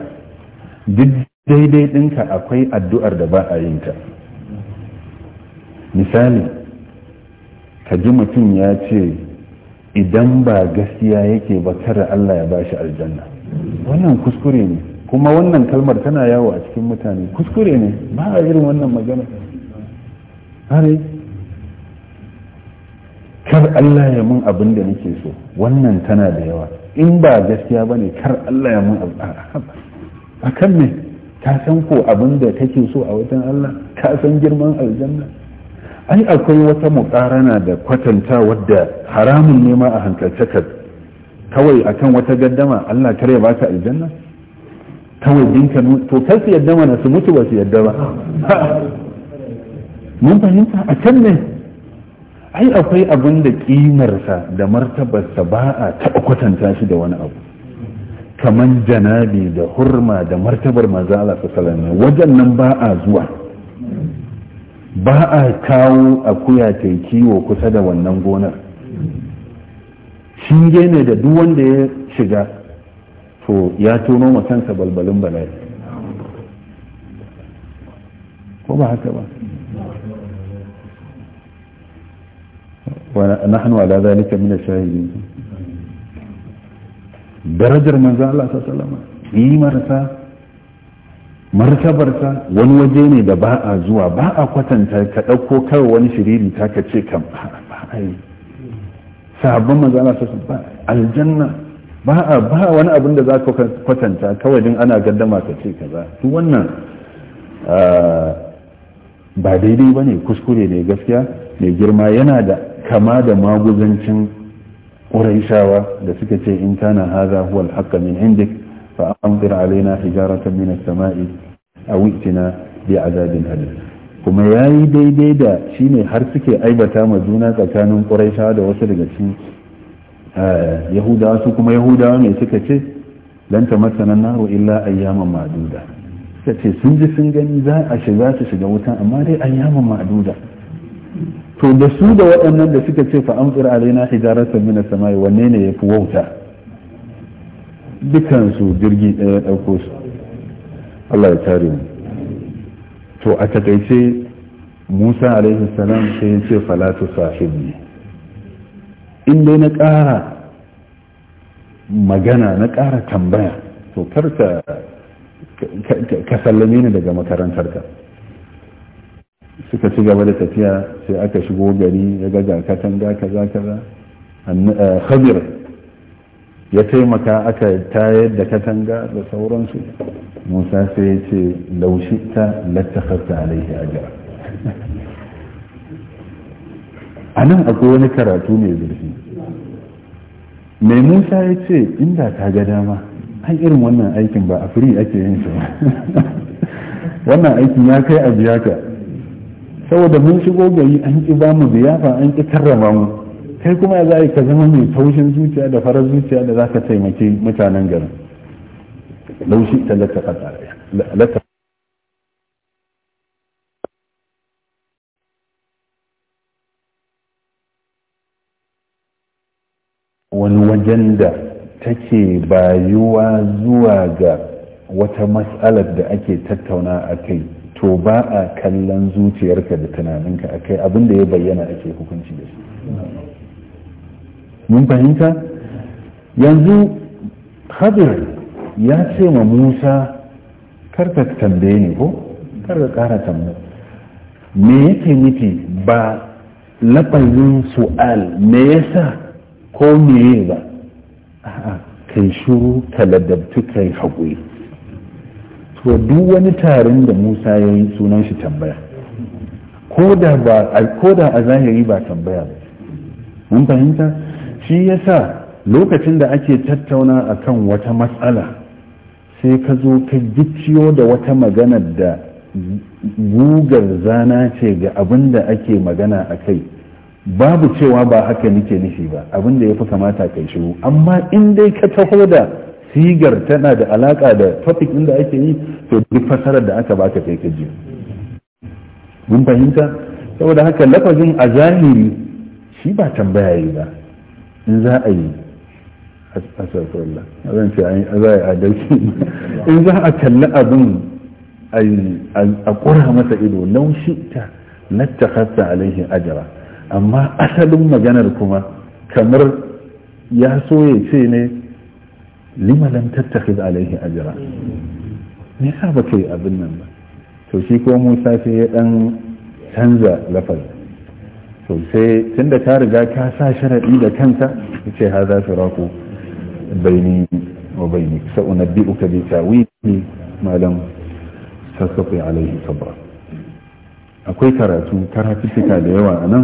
A: duk daidai ɗinka akwai addu'ar da ba a yin ta misali ka ji mutum ya ce idan ba gaskiya yake ba kada Allah ya bashi aljanna wannan kuskure ne kuma wannan kalmar tana yawo a cikin mutane kuskure ne ba a irin wannan magana hare kar Allah ya mun abin da nake so wannan tana da yawa in ba gaskiya ba ne kar Allah ya mun a kan me ka san ko abin da kake so a wajen Allah ka san girman aljanna ai akwai wata muƙarana da kwatanta wadda haramun ne ma a hankalce ka kawai akan wata gaddama Allah kar ya baka aljanna kawai dinka to kar su yadda mana su mutu ba su yadda ba mun fahimta a kan ne ai akwai abin da ƙimarsa da martabarsa ba a taɓa kwatanta shi da wani abu kamar janabi da hurma da martabar maza su salami wajen nan ba a zuwa ba a kawo akuya ta kiwo kusa da wannan gonar shinge ne da duk wanda ya shiga to ya tono ma kansa balbalin bala'i ko ba haka ba ونحن على ذلك من الشاهدين darajar manzan Allah ta salama limarsa martabarsa wani waje ne da ba a zuwa ba a kwatanta ka ɗauko kawai wani shiriri ta ka ce kan ba a yi sabon manzan Allah ta ba aljanna ba a ba wani abin da za ka kwatanta kawai din ana gaddama ka ce ka za duk wannan ba daidai ba ne kuskure ne gaskiya mai girma yana da kama da maguzancin ƙuraishawa da suka ce in kana haza huwa al min indik fa amtir alaina hijaratan min as-sama'i aw itina bi azabin alim kuma yayi daidai da shine har suke aibata ma juna tsakanin ƙuraishawa da wasu daga cikin eh, yahudawa su kuma yahudawa ne suka ce lan tamassana naru illa ayyaman ma'duda suka ce sun ji sun gani za a shiga su shiga wuta amma dai ayyaman ma'duda to da su da waɗannan da suka ce fa amtsir alaina hijararsa min samai wanne ne ya fi wauta dukansu jirgi ɗaya ɗauko su Allah ya tare mu to a takaice Musa alaihi salam sai ya ce falatu sahibi in dai na ƙara magana na ƙara tambaya to karka ka sallame ni daga makarantarka suka ci gaba da tafiya sai aka shigo gari ya ga katanga kaza kaza eh, khabir ya taimaka aka tayar da katanga da sauransu musa sai ya ce laushi ta alaihi ajiyar a nan akwai wani karatu mai zurfi mai musa ya ce inda ta ga dama an irin wannan aikin ba a firi ake yin shi ba wannan aikin ya kai a ya ka saboda mun shigo gari an ƙi ba mu ziyafa an ki karrama mu kai kuma za ka zama mai taushin zuciya da farar zuciya da za ka taimaki mutanen garin laushi ta latta wani wajen da take bayuwa zuwa ga wata matsalar da ake tattauna a kai to ba a kallon zuciyarka da tunaninka a kai abinda ya bayyana ake hukunci da su mun fahimta yanzu hadir ya ce ma musa karka tambaye ni ko karka kara tambaye me yake nufi ba lafazin su'al me yasa ko meye ba a'a kai shuru ka ladabtu kai haƙuri to duk wani tarin da musa ya yi sunan shi tambaya ko da a zahiri ba tambaya ba mun fahimta shi yasa lokacin da ake tattauna a kan wata matsala sai ka zo ka gicciyo da wata magana da gugar zana ce ga abin da ake magana a kai babu cewa ba haka nake nufi ba abin da ya fi kamata kai shiru amma in dai ka taho da sigar tana da alaƙa da topic inda ake yi to duk fasarar da aka baka kai ka ji mun fahimta saboda haka lafazin a zahiri shi ba tambaya yi ba in za a yi asafirullah zan ce za a yi in za a kalli abin a ƙura masa ido shi ta lattakasta alaihi ajara amma asalin maganar kuma kamar ya so ya ce ne lima lam tattakhid alaihi ajra me sa ba kai abin nan ba to shi ko Musa sai ya dan canza lafazi to sai tunda ka riga ka sa sharadi da kanka yace hadha siraqu baini wa baini sa'unabbi'uka bi tawili ma lam tastati alaihi sabra akwai karatu karatuttuka da yawa a nan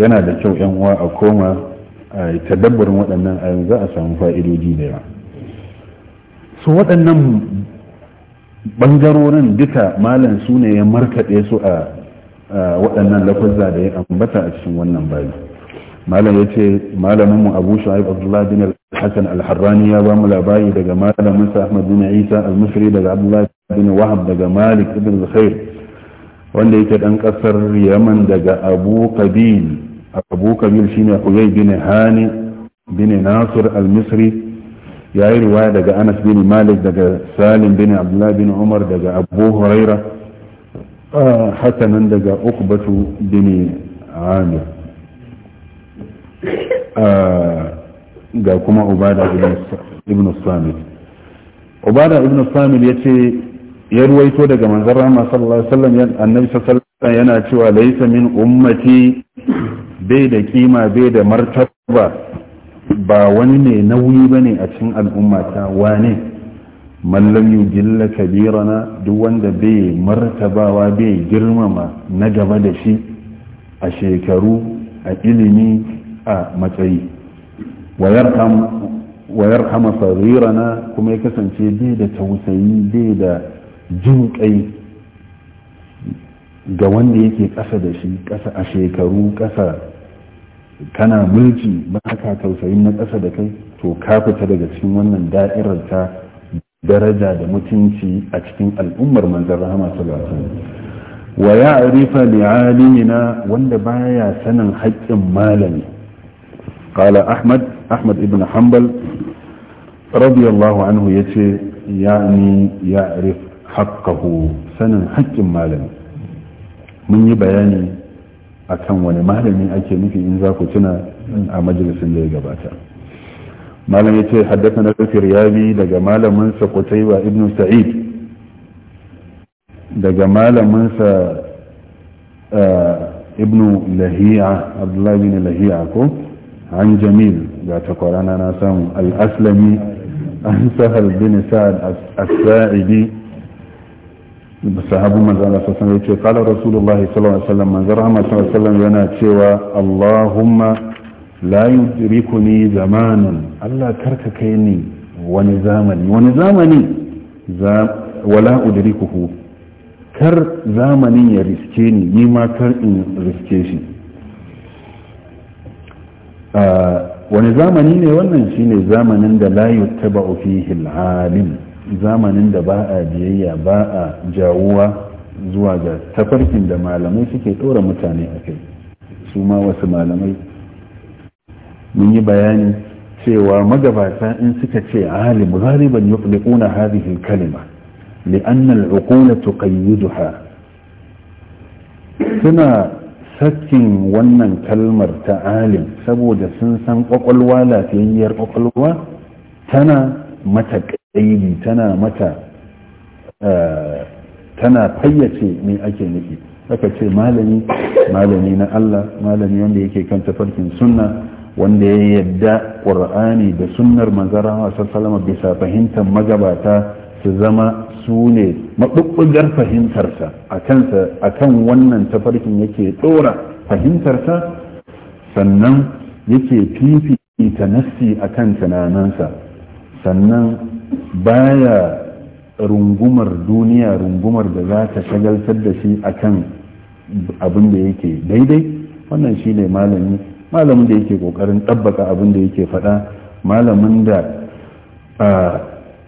A: yana da kyau yan uwa a koma a tadabbarin waɗannan ayoyin za a samu fa'idoji da yawa su waɗannan ɓangarorin duka malam su ne ya markaɗe su a waɗannan lafazza da ya ambata a cikin wannan bayi malam ya ce malaminmu abu shu'aib abdullahi bin al-hassan al-harrani ya ba mu labari daga malamin sa ahmad bin isa al-misri daga abdullahi bin wahab daga malik ibn zuhair wanda yake dan ƙasar yaman daga abu kabil abu ne shine huyay bin hani bin nasir al-misri yayi riwaya daga anas bin malik daga salim bin abdullah bin umar daga abu huraira haka nan daga ukbatu bin amir ga kuma ubada ibn samit ubada ibn samit ya ce ya ruwaito daga manzon Allah sallallahu alaihi wasallam annabi sallallahu alaihi yana cewa laysa min ummati bai da kima bai da martaba ba wani mai nauyi ba ne a cikin al'ummata wane mallam gilla jilla na duk wanda bai martabawa bai girmama na gaba da shi a shekaru a ilimi a matsayi wayar hama na kuma ya kasance bai da tausayi bai da jin kai ga wanda yake ƙasa da shi ƙasa a shekaru ƙasa kana mulki ba tausayin na ƙasa da kai to ka fita daga cikin wannan da'irar ta daraja da mutunci a cikin al'ummar manzon rahama sallallahu alaihi wasallam wa ya arifa li'alimina wanda baya sanin haƙƙin malami qala ahmad ahmad ibn hanbal radiyallahu anhu yace yani ya arif haqqahu sanin haƙƙin malami mun yi bayani akan wani malami ake nufi in za ku tuna a majalisin da ya gabata malam ya ce haddasa na firyabi daga malaminsa kutaiba ibn sa'id daga malaminsa eh, ibn lahiya abdullahi bin lahiya ko an jamil ga takwarana na samu al-aslami an sahal bin sa'ad as-sa'idi sahabin manzo Allah sallallahu ce wasallam yace qala rasulullahi sallallahu alaihi wasallam manzo rahama sallallahu alaihi wasallam yana cewa Allahumma la yudrikuni zamanun Allah karka kai ni wani zamani wani zamani wala udrikuhu kar zamanin ya riske ni ni ma kar in riske shi ah, wani zamani ne wannan shine zamanin da la yuttaba'u fihi al-alim zamanin da ba a biyayya ba a jawuwa zuwa ga tafarkin da malamai suke ɗora mutane a kai su ma wasu malamai mun yi bayani cewa magabata in suka ce alim ghaliban yuqliquna hadhihi al-kalima li'anna al-uqula tuqayyiduha suna sakin wannan kalmar ta alim saboda sun san kwakwalwa lafiyayyar kwakwalwa tana mata aini tana mata eh, tana fayyace me ake nufi aka ce malami malami na Allah malami wanda yake kan tafarkin sunna wanda ya yadda ƙur'ani da sunnar manzara sallama bisa fahimtar magabata su zama su ne maɓuɓɓugar fahimtarsa a kan wannan tafarkin yake ɗora fahimtarsa sannan yake fifita nassi a kan tunaninsa sannan baya rungumar duniya rungumar da za ta shagaltar da shi a kan abin da yake daidai wannan shi ne malami malamin da yake kokarin tabbaka abin da yake faɗa malamin da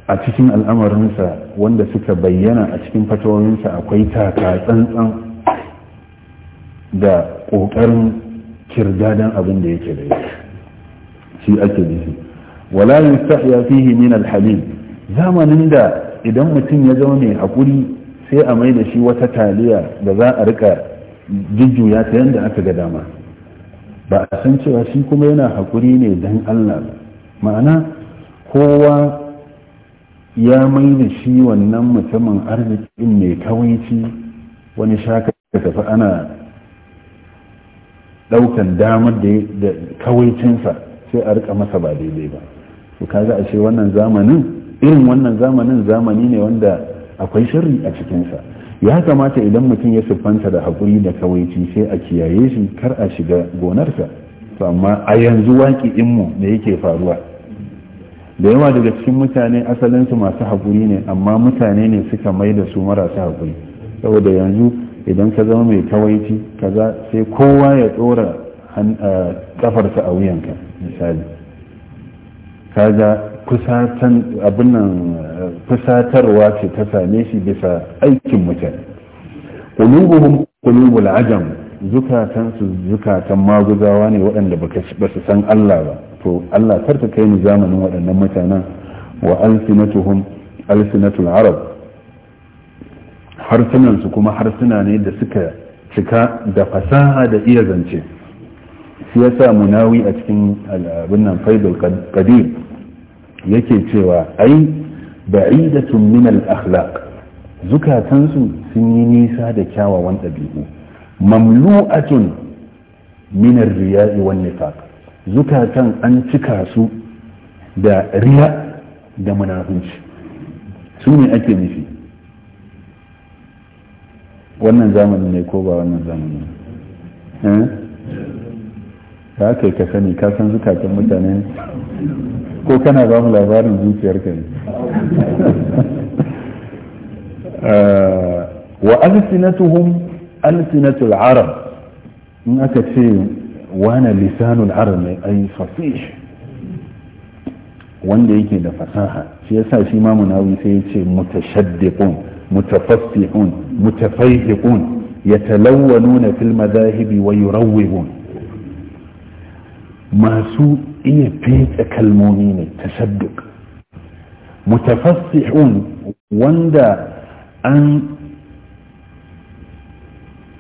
A: a cikin al'amarinsa wanda suka bayyana a cikin fatawoyinsa akwai taka tsantsan da ƙoƙarin kirgadan abin da yake da shi ake nufi wala ya fihi min alhalim zamanin da idan mutum ya zama mai hakuri sai a mai da shi wata taliya da za a rika jujjuya ta yadda aka ga dama ba a san cewa shi kuma yana hakuri ne dan Allah ma'ana kowa ya mai da shi wannan mutumin arzikin mai kawaici wani da tafi ana daukan damar da kawaicinsa sai a rika masa ba daidai ba to kaga ashe wannan zamanin irin wannan zamanin zamani ne wanda akwai shirri a cikinsa ya kamata idan mutum ya siffanta da haƙuri da kawaici sai a kiyaye shi kar a shiga gonarsa to amma a yanzu waƙi in mu da yake faruwa da yawa daga cikin mutane asalinsu masu haƙuri ne amma mutane ne suka mai da su marasa haƙuri saboda yanzu idan ka zama mai kawaici kaza sai kowa ya tsora kafarsa eh, a wuyanka misali kaga kusatan abin nan fusatarwa ce ta same shi bisa aikin mutane
B: kulubuhum kulubul ajam
A: zukatan su zukatan maguzawa ne waɗanda ba su san Allah ba to Allah karka kai ni zamanin waɗannan mutanen wa alsinatuhum alsinatul arab harsunan su kuma harsuna ne da suka cika da fasaha da iya zance shi ya sa munawi a cikin abin nan faidul qadir yake cewa ai ba'idatun min al-akhlaq su sun yi nisa da kyawawan ɗabi'u mamlu'atun min ar-riya'i wan nifaq zukatan an cika su da riya da munafunci su ne ake nufi wannan zamanin ne ko ba wannan zamanin da aka yi ka sani ka san zukatan mutane ko kana ba mu labarin zuciyar ka ne wa alsinatuhum alsinatul arab in aka ce wana lisanul arab mai ai fasih wanda yake da fasaha shi yasa shi ma nawi sai ya ce mutashaddiqun mutafassihun mutafayhiqun yatalawwanuna fil madahibi wa yurawwihun masu iya fesa kalmomi ne tasadduk mutafassihun wanda an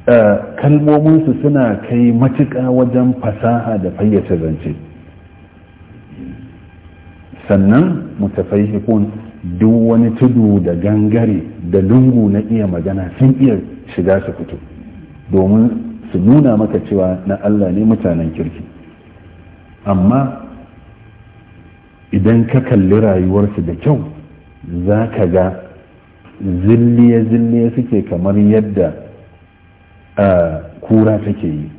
A: eh, kalmominsu suna kai matuƙa wajen fasaha da fayyace zance sannan mutafassihun duk wani tudu da gangare da lungu na iya magana sun iya shiga su fito domin su nuna maka cewa na Allah ne mutanen kirki amma idan ka kalli rayuwarsu da kyau za ka ga zilliye-zilliye suke kamar yadda kura take yi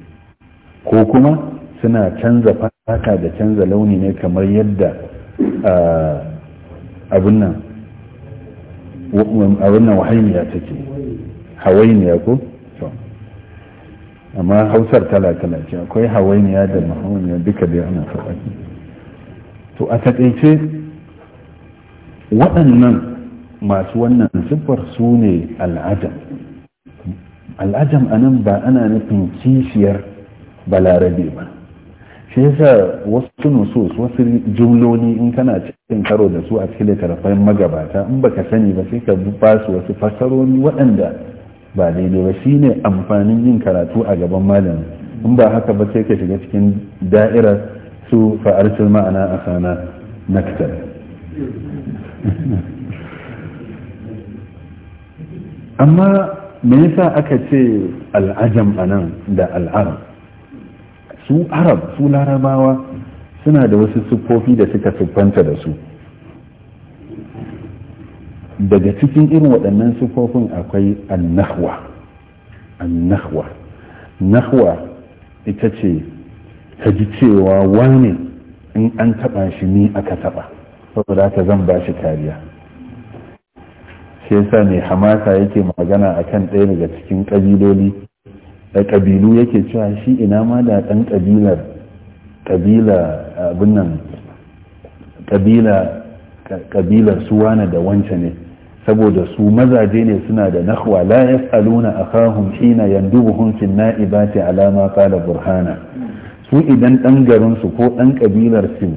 A: ko kuma suna canza fata da canza launi ne kamar yadda abin nan wahaimiya take hawayniya ko amma hausar tala-tala ce akwai hawainiya da mahauniya duka da yana faɗa to a taƙaice waɗannan masu wannan siffar su ne al'adam al'adam a nan ba ana nufin kishiyar balarabe ba shi yasa wasu nusus wasu jumloni in kana cikin karo da su a cikin littattafan magabata in baka sani ba sai ka basu wasu fasaroni waɗanda ba daidai ba shine amfanin yin karatu a gaban malami in ba haka ba sai ka shiga cikin da'irar su fa'arcin ma'ana a sana naktar amma me yasa aka ce al'ajam a nan da al'arab su arab su larabawa suna da wasu siffofi da suka siffanta da su daga cikin irin waɗannan sifofin akwai annahwa annahwa nahwa ita ce ta ji cewa wani in an taɓa shi ni aka taɓa saboda haka zan ba shi kariya shi yasa mai hamasa yake magana akan ɗaya daga cikin ƙabiloli da ƙabilu yake cewa shi ina ma da ɗan ƙabilar ƙabila abin ƙabilar su wane da wance ne saboda su mazaje ne suna da nahwa la yas'aluna akahum hina yandubuhum fi na'ibati ala ma qala burhana su idan dan garin su ko dan kabilar su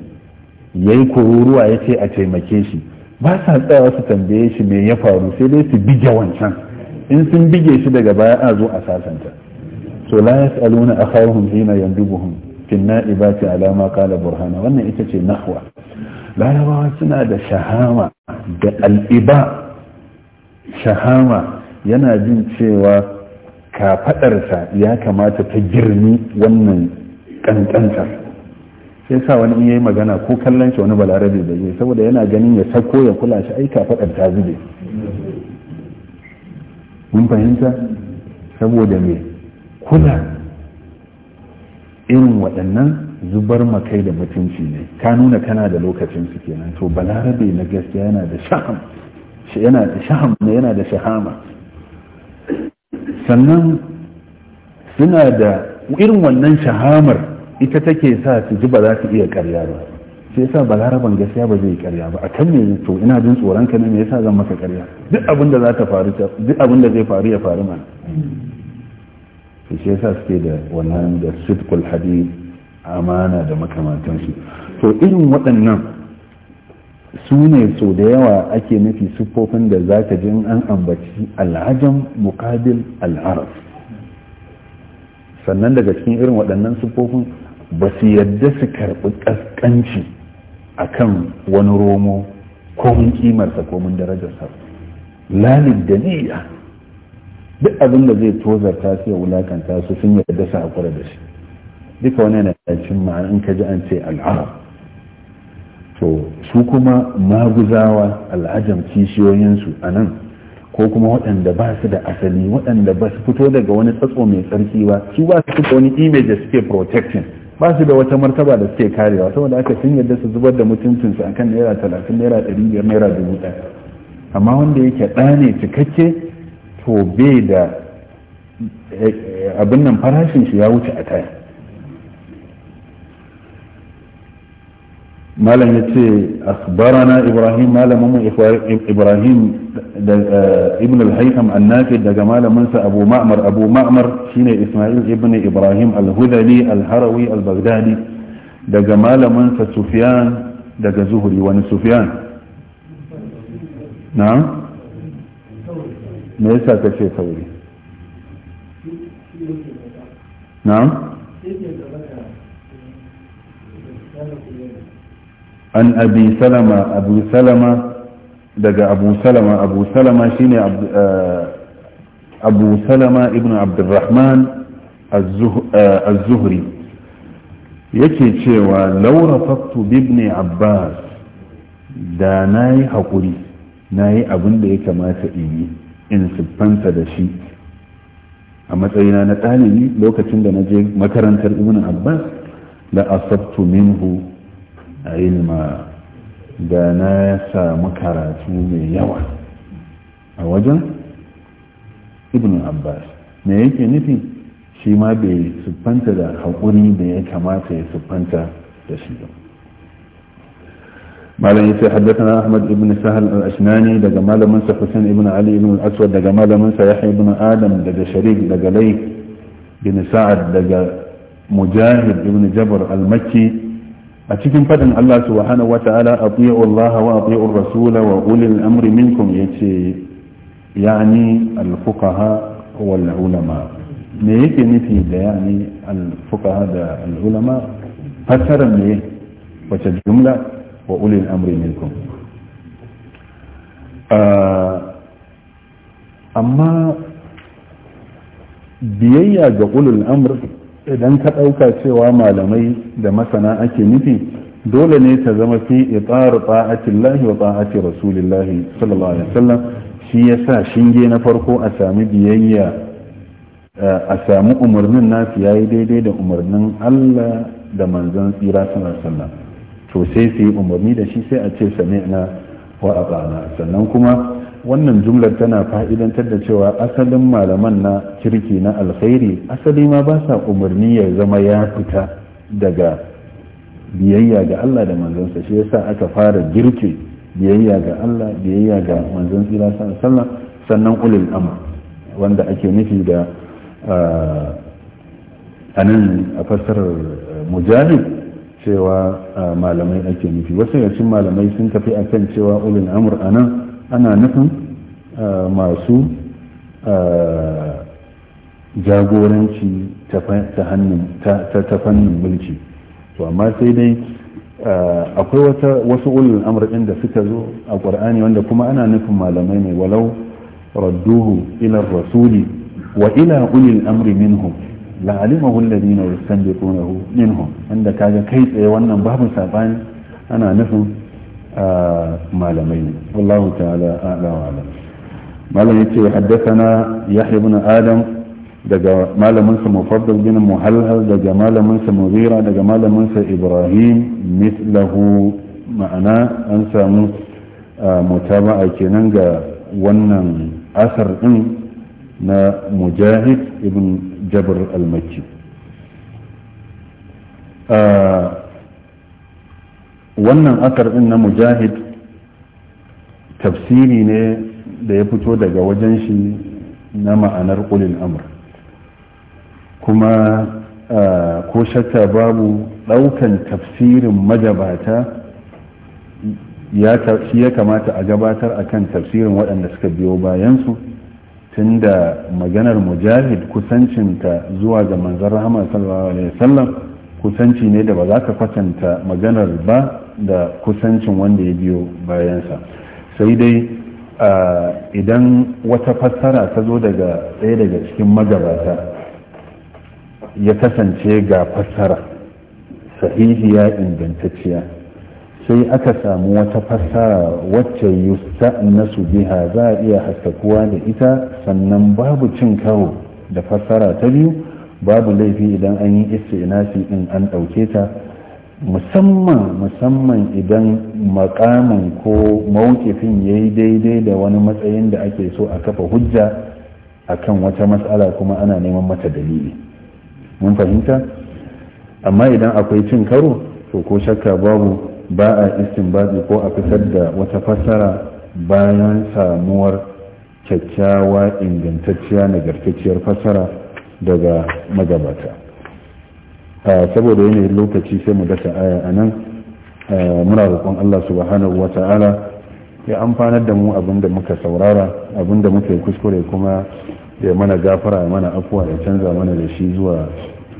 A: yayi kururuwa yace a taimake shi ba sa tsayawa su tambaye shi me ya faru sai dai su bige wancan in sun bige shi daga baya a zo a sasanta so la yas'aluna akahum hina yandubuhum fi na'ibati ala ma qala burhana wannan ita ce nahwa larabawa suna da shahama da al'iba shahama yana jin cewa kafadarsa ya kamata ta girmi wannan kankantar sai sa wani yayi magana ko kallon shi wani balarabe da yi saboda yana ganin ya sako ya kula shi ai kafadar ta zube mun fahimta saboda me kula irin waɗannan zubar makai da mutunci ne ka nuna kana da lokacin su kenan to balarabe na gaskiya yana da sha'am yana da shahama sannan suna da irin wannan shahamar ita take sa su ji ba za su iya karya ba sai yasa laraban gaskiya ba zai karya ba A kan me to ina jin tsoron ka ne me yasa zan masa karya duk abin da za ta faru duk abin da zai faru ya faru mana to sai yasa suke da wannan da sitkul hadi amana da makamantansu to irin waɗannan su ne so da yawa ake nufi siffofin da za ka jin an ambaci al'ajam mukabil al'arab sannan daga cikin irin waɗannan siffofin ba su yadda su karɓi ƙasƙanci a kan wani romo ko mun kimarsa ko mun darajarsa lalib da niyya duk abin da zai tozarta su ya wulakanta su sun yadda su haƙura da shi duka wani yana cin ma'ana in ka ji an ce al'arab to su kuma maguzawa al'ajam kishiyoyinsu a nan ko kuma waɗanda ba su da asali waɗanda ba su fito daga wani tsatso mai tsarki ba su ba su da wani image da suke protecting ba su da wata martaba da suke karewa saboda aka sun yadda su zubar da a kan naira talatin naira ɗari biyar naira dubu ɗaya amma wanda yake ɗa ne cikakke to bai da eh, eh, abin nan farashin shi ya wuce a taya malam ya ce akhbarana ibrahim malamin ibrahim eh, ibn al-haytham annafi daga malaminsa abu ma'mar abu ma'mar shine isma'il ibn ibrahim al-hudali al-harawi al-baghdadi daga malaminsa sufyan daga zuhuri wani sufyan na me yasa kace ce sauri na an abi salama abu salama daga abu salama abu salama shine abu salama ibn abdurrahman az-zuhri yake cewa laura fattu bibni abbas da na yi haƙuri na yi abin da ya kamata in yi in siffanta da shi a matsayina na ɗalibi lokacin da na je makarantar ibn abbas la asabtu minhu A ilma da na samu karatu mai yawa a wajen ibn abbas me yake nufi shi ma bai siffanta da haƙuri da ya kamata ya siffanta da shi ba malam yace haddathana ahmad ibn sahal al-ashnani daga malamin sa husain ibn ali ibn al-aswad daga malamin sa yahya ibn adam daga sharik daga lay bin sa'ad daga mujahid ibn jabr al-makki a cikin fadin Allah subhanahu wa ta'ala atiyu Allah wa atiyu rasula wa ulil amri minkum yace yani al-fuqaha wal ulama me yake nufi da yani al-fuqaha da al-ulama fasara ne wace jumla wa ulil amri minkum amma biyayya ga ulul amr idan ka ɗauka cewa malamai da masana ake nufi dole ne ta zama fi itsar ta'atillahi wa ta'ati rasulillahi sallallahu alaihi wasallam shi yasa shinge na farko a sami biyayya a sami umarnin nasu yayi daidai da umarnin Allah da manzon tsira sallallahu alaihi to sai su umarni da shi sai a ce sami'na wa ata'na sannan kuma wannan jumlar tana fa'idantar da cewa asalin malaman na kirki na alkhairi asali ma ba sa umarni ya zama ya fita daga biyayya ga Allah da manzansa shi yasa aka fara girki biyayya ga Allah biyayya ga manzon tsira sannan ulil amma wanda ake nufi da a ah, nan a fassarar ah, mujahid cewa ah, malamai ake nufi wasu yacin malamai sun tafi akan cewa ulil amur a nan ana nufin eh, masu eh, jagoranci ta fannin mulki to amma sai dai eh, akwai wata wasu ulul amr da suka zo a qur'ani wanda kuma ana nufin malamai mai walau radduhu ila rasuli wa ila ulil amri minhum la'alimahu alladhina yastanbiqunahu minhum wanda kaga kai tsaye wannan babu sabani ana nufin malamai ne wallahu ta'ala a'la wa malam yace haddathana yahya ibn adam daga malamin sa mufaddal bin muhallal daga malamin sa daga malamin sa ibrahim mithlahu ma'ana an samu mutaba'a kenan ga wannan asar din na mujahid ibn jabr al-makki wannan asar din na mujahid tafsiri ne da ya fito daga wajen shi na ma'anar ƙulin amr kuma ko shakka babu ɗaukan tafsirin majabata shi ya kamata a gabatar akan tafsirin waɗanda suka biyo bayansu tunda maganar mujahid kusancinta zuwa ga manzan rahama sallallahu alaihi kusanci ne da ba za ka kwatanta maganar ba da kusancin wanda ya biyo bayansa sai dai idan wata fassara ta zo daga ɗaya daga cikin magabata ya kasance ga fassara sahihiya ingantacciya sai aka samu wata fassara wacce yusta su biha za a iya haskakuwa da ita sannan babu cin karo da fassara ta biyu babu laifi idan an yi istinafi in an ɗauke ta musamman musamman idan makamin ko mawukifin ya yi daidai da wani matsayin da ake so a kafa hujja a kan wata matsala kuma ana neman mata dalili mun fahimta amma idan akwai cin karo to ko shakka babu ba a istinbazi ko a fitar da wata fasara bayan samuwar kyakkyawa ingantacciya nagartacciyar fasara. daga magabata saboda yanayin lokaci sai mu dasa aya a nan muna roƙon Allah subhanahu wa ta'ala ya amfanar da mu abin muka saurara abin da muka yi kuskure kuma ya mana gafara ya mana afuwa ya canza mana da shi zuwa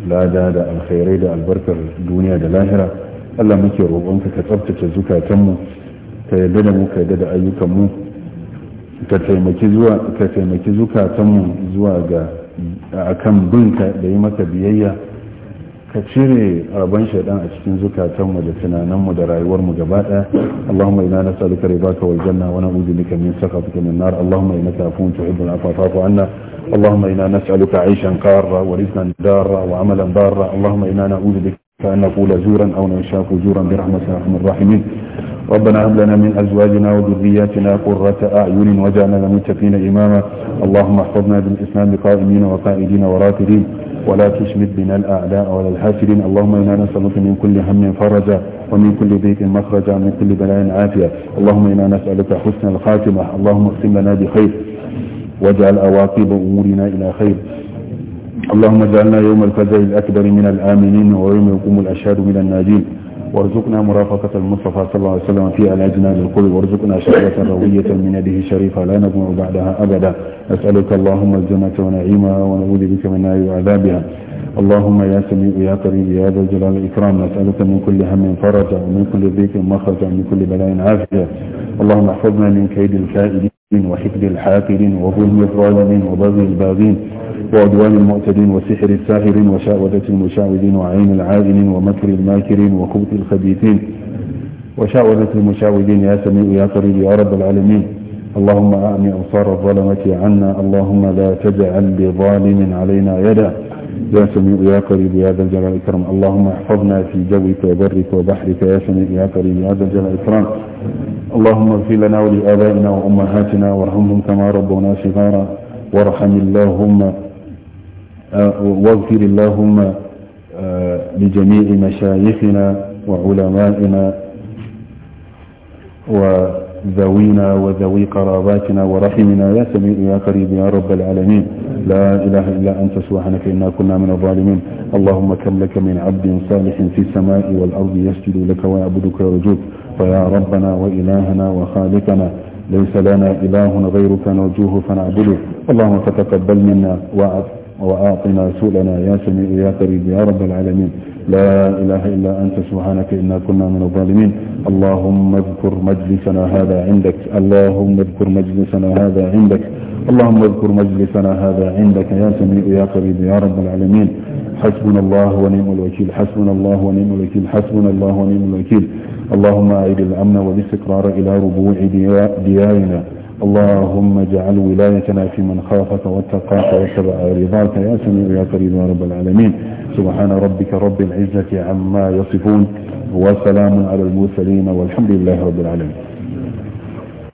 A: lada da alkhairai da albarkar duniya da lahira Allah muke roƙonka ka tsabtace zukatanmu ka yarda da mu ka yarda da ayyukanmu taimaki zuwa ka taimaki zukatanmu zuwa ga a kan binka da yi maka biyayya ka cire rabon shaidan a cikin zukatanmu da tunaninmu da rayuwarmu gaba ɗaya allahumma ina nas'aluka ridaka wal janna wa na'udhu bika min sakhatika min nar allahumma innaka afuwun tuhibbul afwa fa'fu anna اللهم إنا نسألك عيشا قارا ورزقا دارا وعملا بارا اللهم إنا نعوذ بك أن zuran زورا أو ننشا فجورا برحمتك يا أرحم rahimin. ربنا هب لنا من أزواجنا وذرياتنا قرة أعين واجعلنا للمتقين إماما اللهم احفظنا بالإسلام قائمين وقائدين وراكدين ولا تشمت بنا الأعداء ولا الحاسدين اللهم إنا نسألك من كل هم فرجا ومن كل ضيق مخرجا ومن كل بلاء عافية اللهم إنا نسألك حسن الخاتمة اللهم اقسم لنا بخير واجعل أواقب أمورنا إلى خير اللهم اجعلنا يوم الفزع الأكبر من الآمنين ويوم يقوم الأشهاد من الناجين وارزقنا مرافقة المصطفى صلى الله عليه وسلم في الأجناد القلب وارزقنا شهوة روية من يده الشريفة لا نضمع بعدها أبدا نسألك اللهم الجنة ونعيمها ونعوذ بك من نار وعذابها اللهم يا سميع يا قريب يا ذا الجلال والإكرام نسألك من كل هم فرجا ومن كل ضيق مخرجا ومن كل بلاء عافية اللهم احفظنا من كيد الكائدين وحقد الحاقدين وظلم الظالمين وبغي الباغين وعدوان المعتدين وسحر الساحرين وشعوذة المشعوذين وعين العائن ومكر الماكرين وخبث الخبيثين وشعوذة المشعوذين يا سميع يا قريب يا رب العالمين اللهم أعني أنصار الظلمة عنا اللهم لا تجعل لظالم علينا يدا يا سميع يا قريب يا ذا الجلال والإكرام اللهم احفظنا في جوك وبرك وبحرك يا سميع يا قريب يا ذا الجلال والإكرام اللهم اغفر لنا ولآبائنا وأمهاتنا وارحمهم كما ربونا صغارا وارحم اللهم واغفر اللهم آه، لجميع مشايخنا وعلمائنا وذوينا وذوي قراباتنا ورحمنا يا سميع يا قريب يا رب العالمين لا إله إلا أنت سبحانك إنا كنا من الظالمين اللهم كم لك من عبد صالح في السماء والأرض يسجد لك ويعبدك ويرجوك فيا ربنا وإلهنا وخالقنا ليس لنا إله غيرك نرجوه فنعبده اللهم فتقبل منا وأعف وأعطنا سولنا يا سميع يا قريب يا رب العالمين لا إله إلا أنت سبحانك إنا كنا من الظالمين اللهم اذكر مجلسنا هذا عندك اللهم اذكر مجلسنا هذا عندك اللهم اذكر مجلسنا هذا عندك يا سميع يا قريب يا رب العالمين حسبنا الله ونعم الوكيل حسبنا الله ونعم الوكيل حسبنا الله ونعم الوكيل اللهم أعد الأمن والاستقرار إلى ربوع ديارنا اللهم اجعل ولايتنا في من خافك واتقاك واتبع رضاك يا سميع يا قريب يا رب العالمين سبحان ربك رب العزة عما يصفون وسلام على المرسلين والحمد لله رب العالمين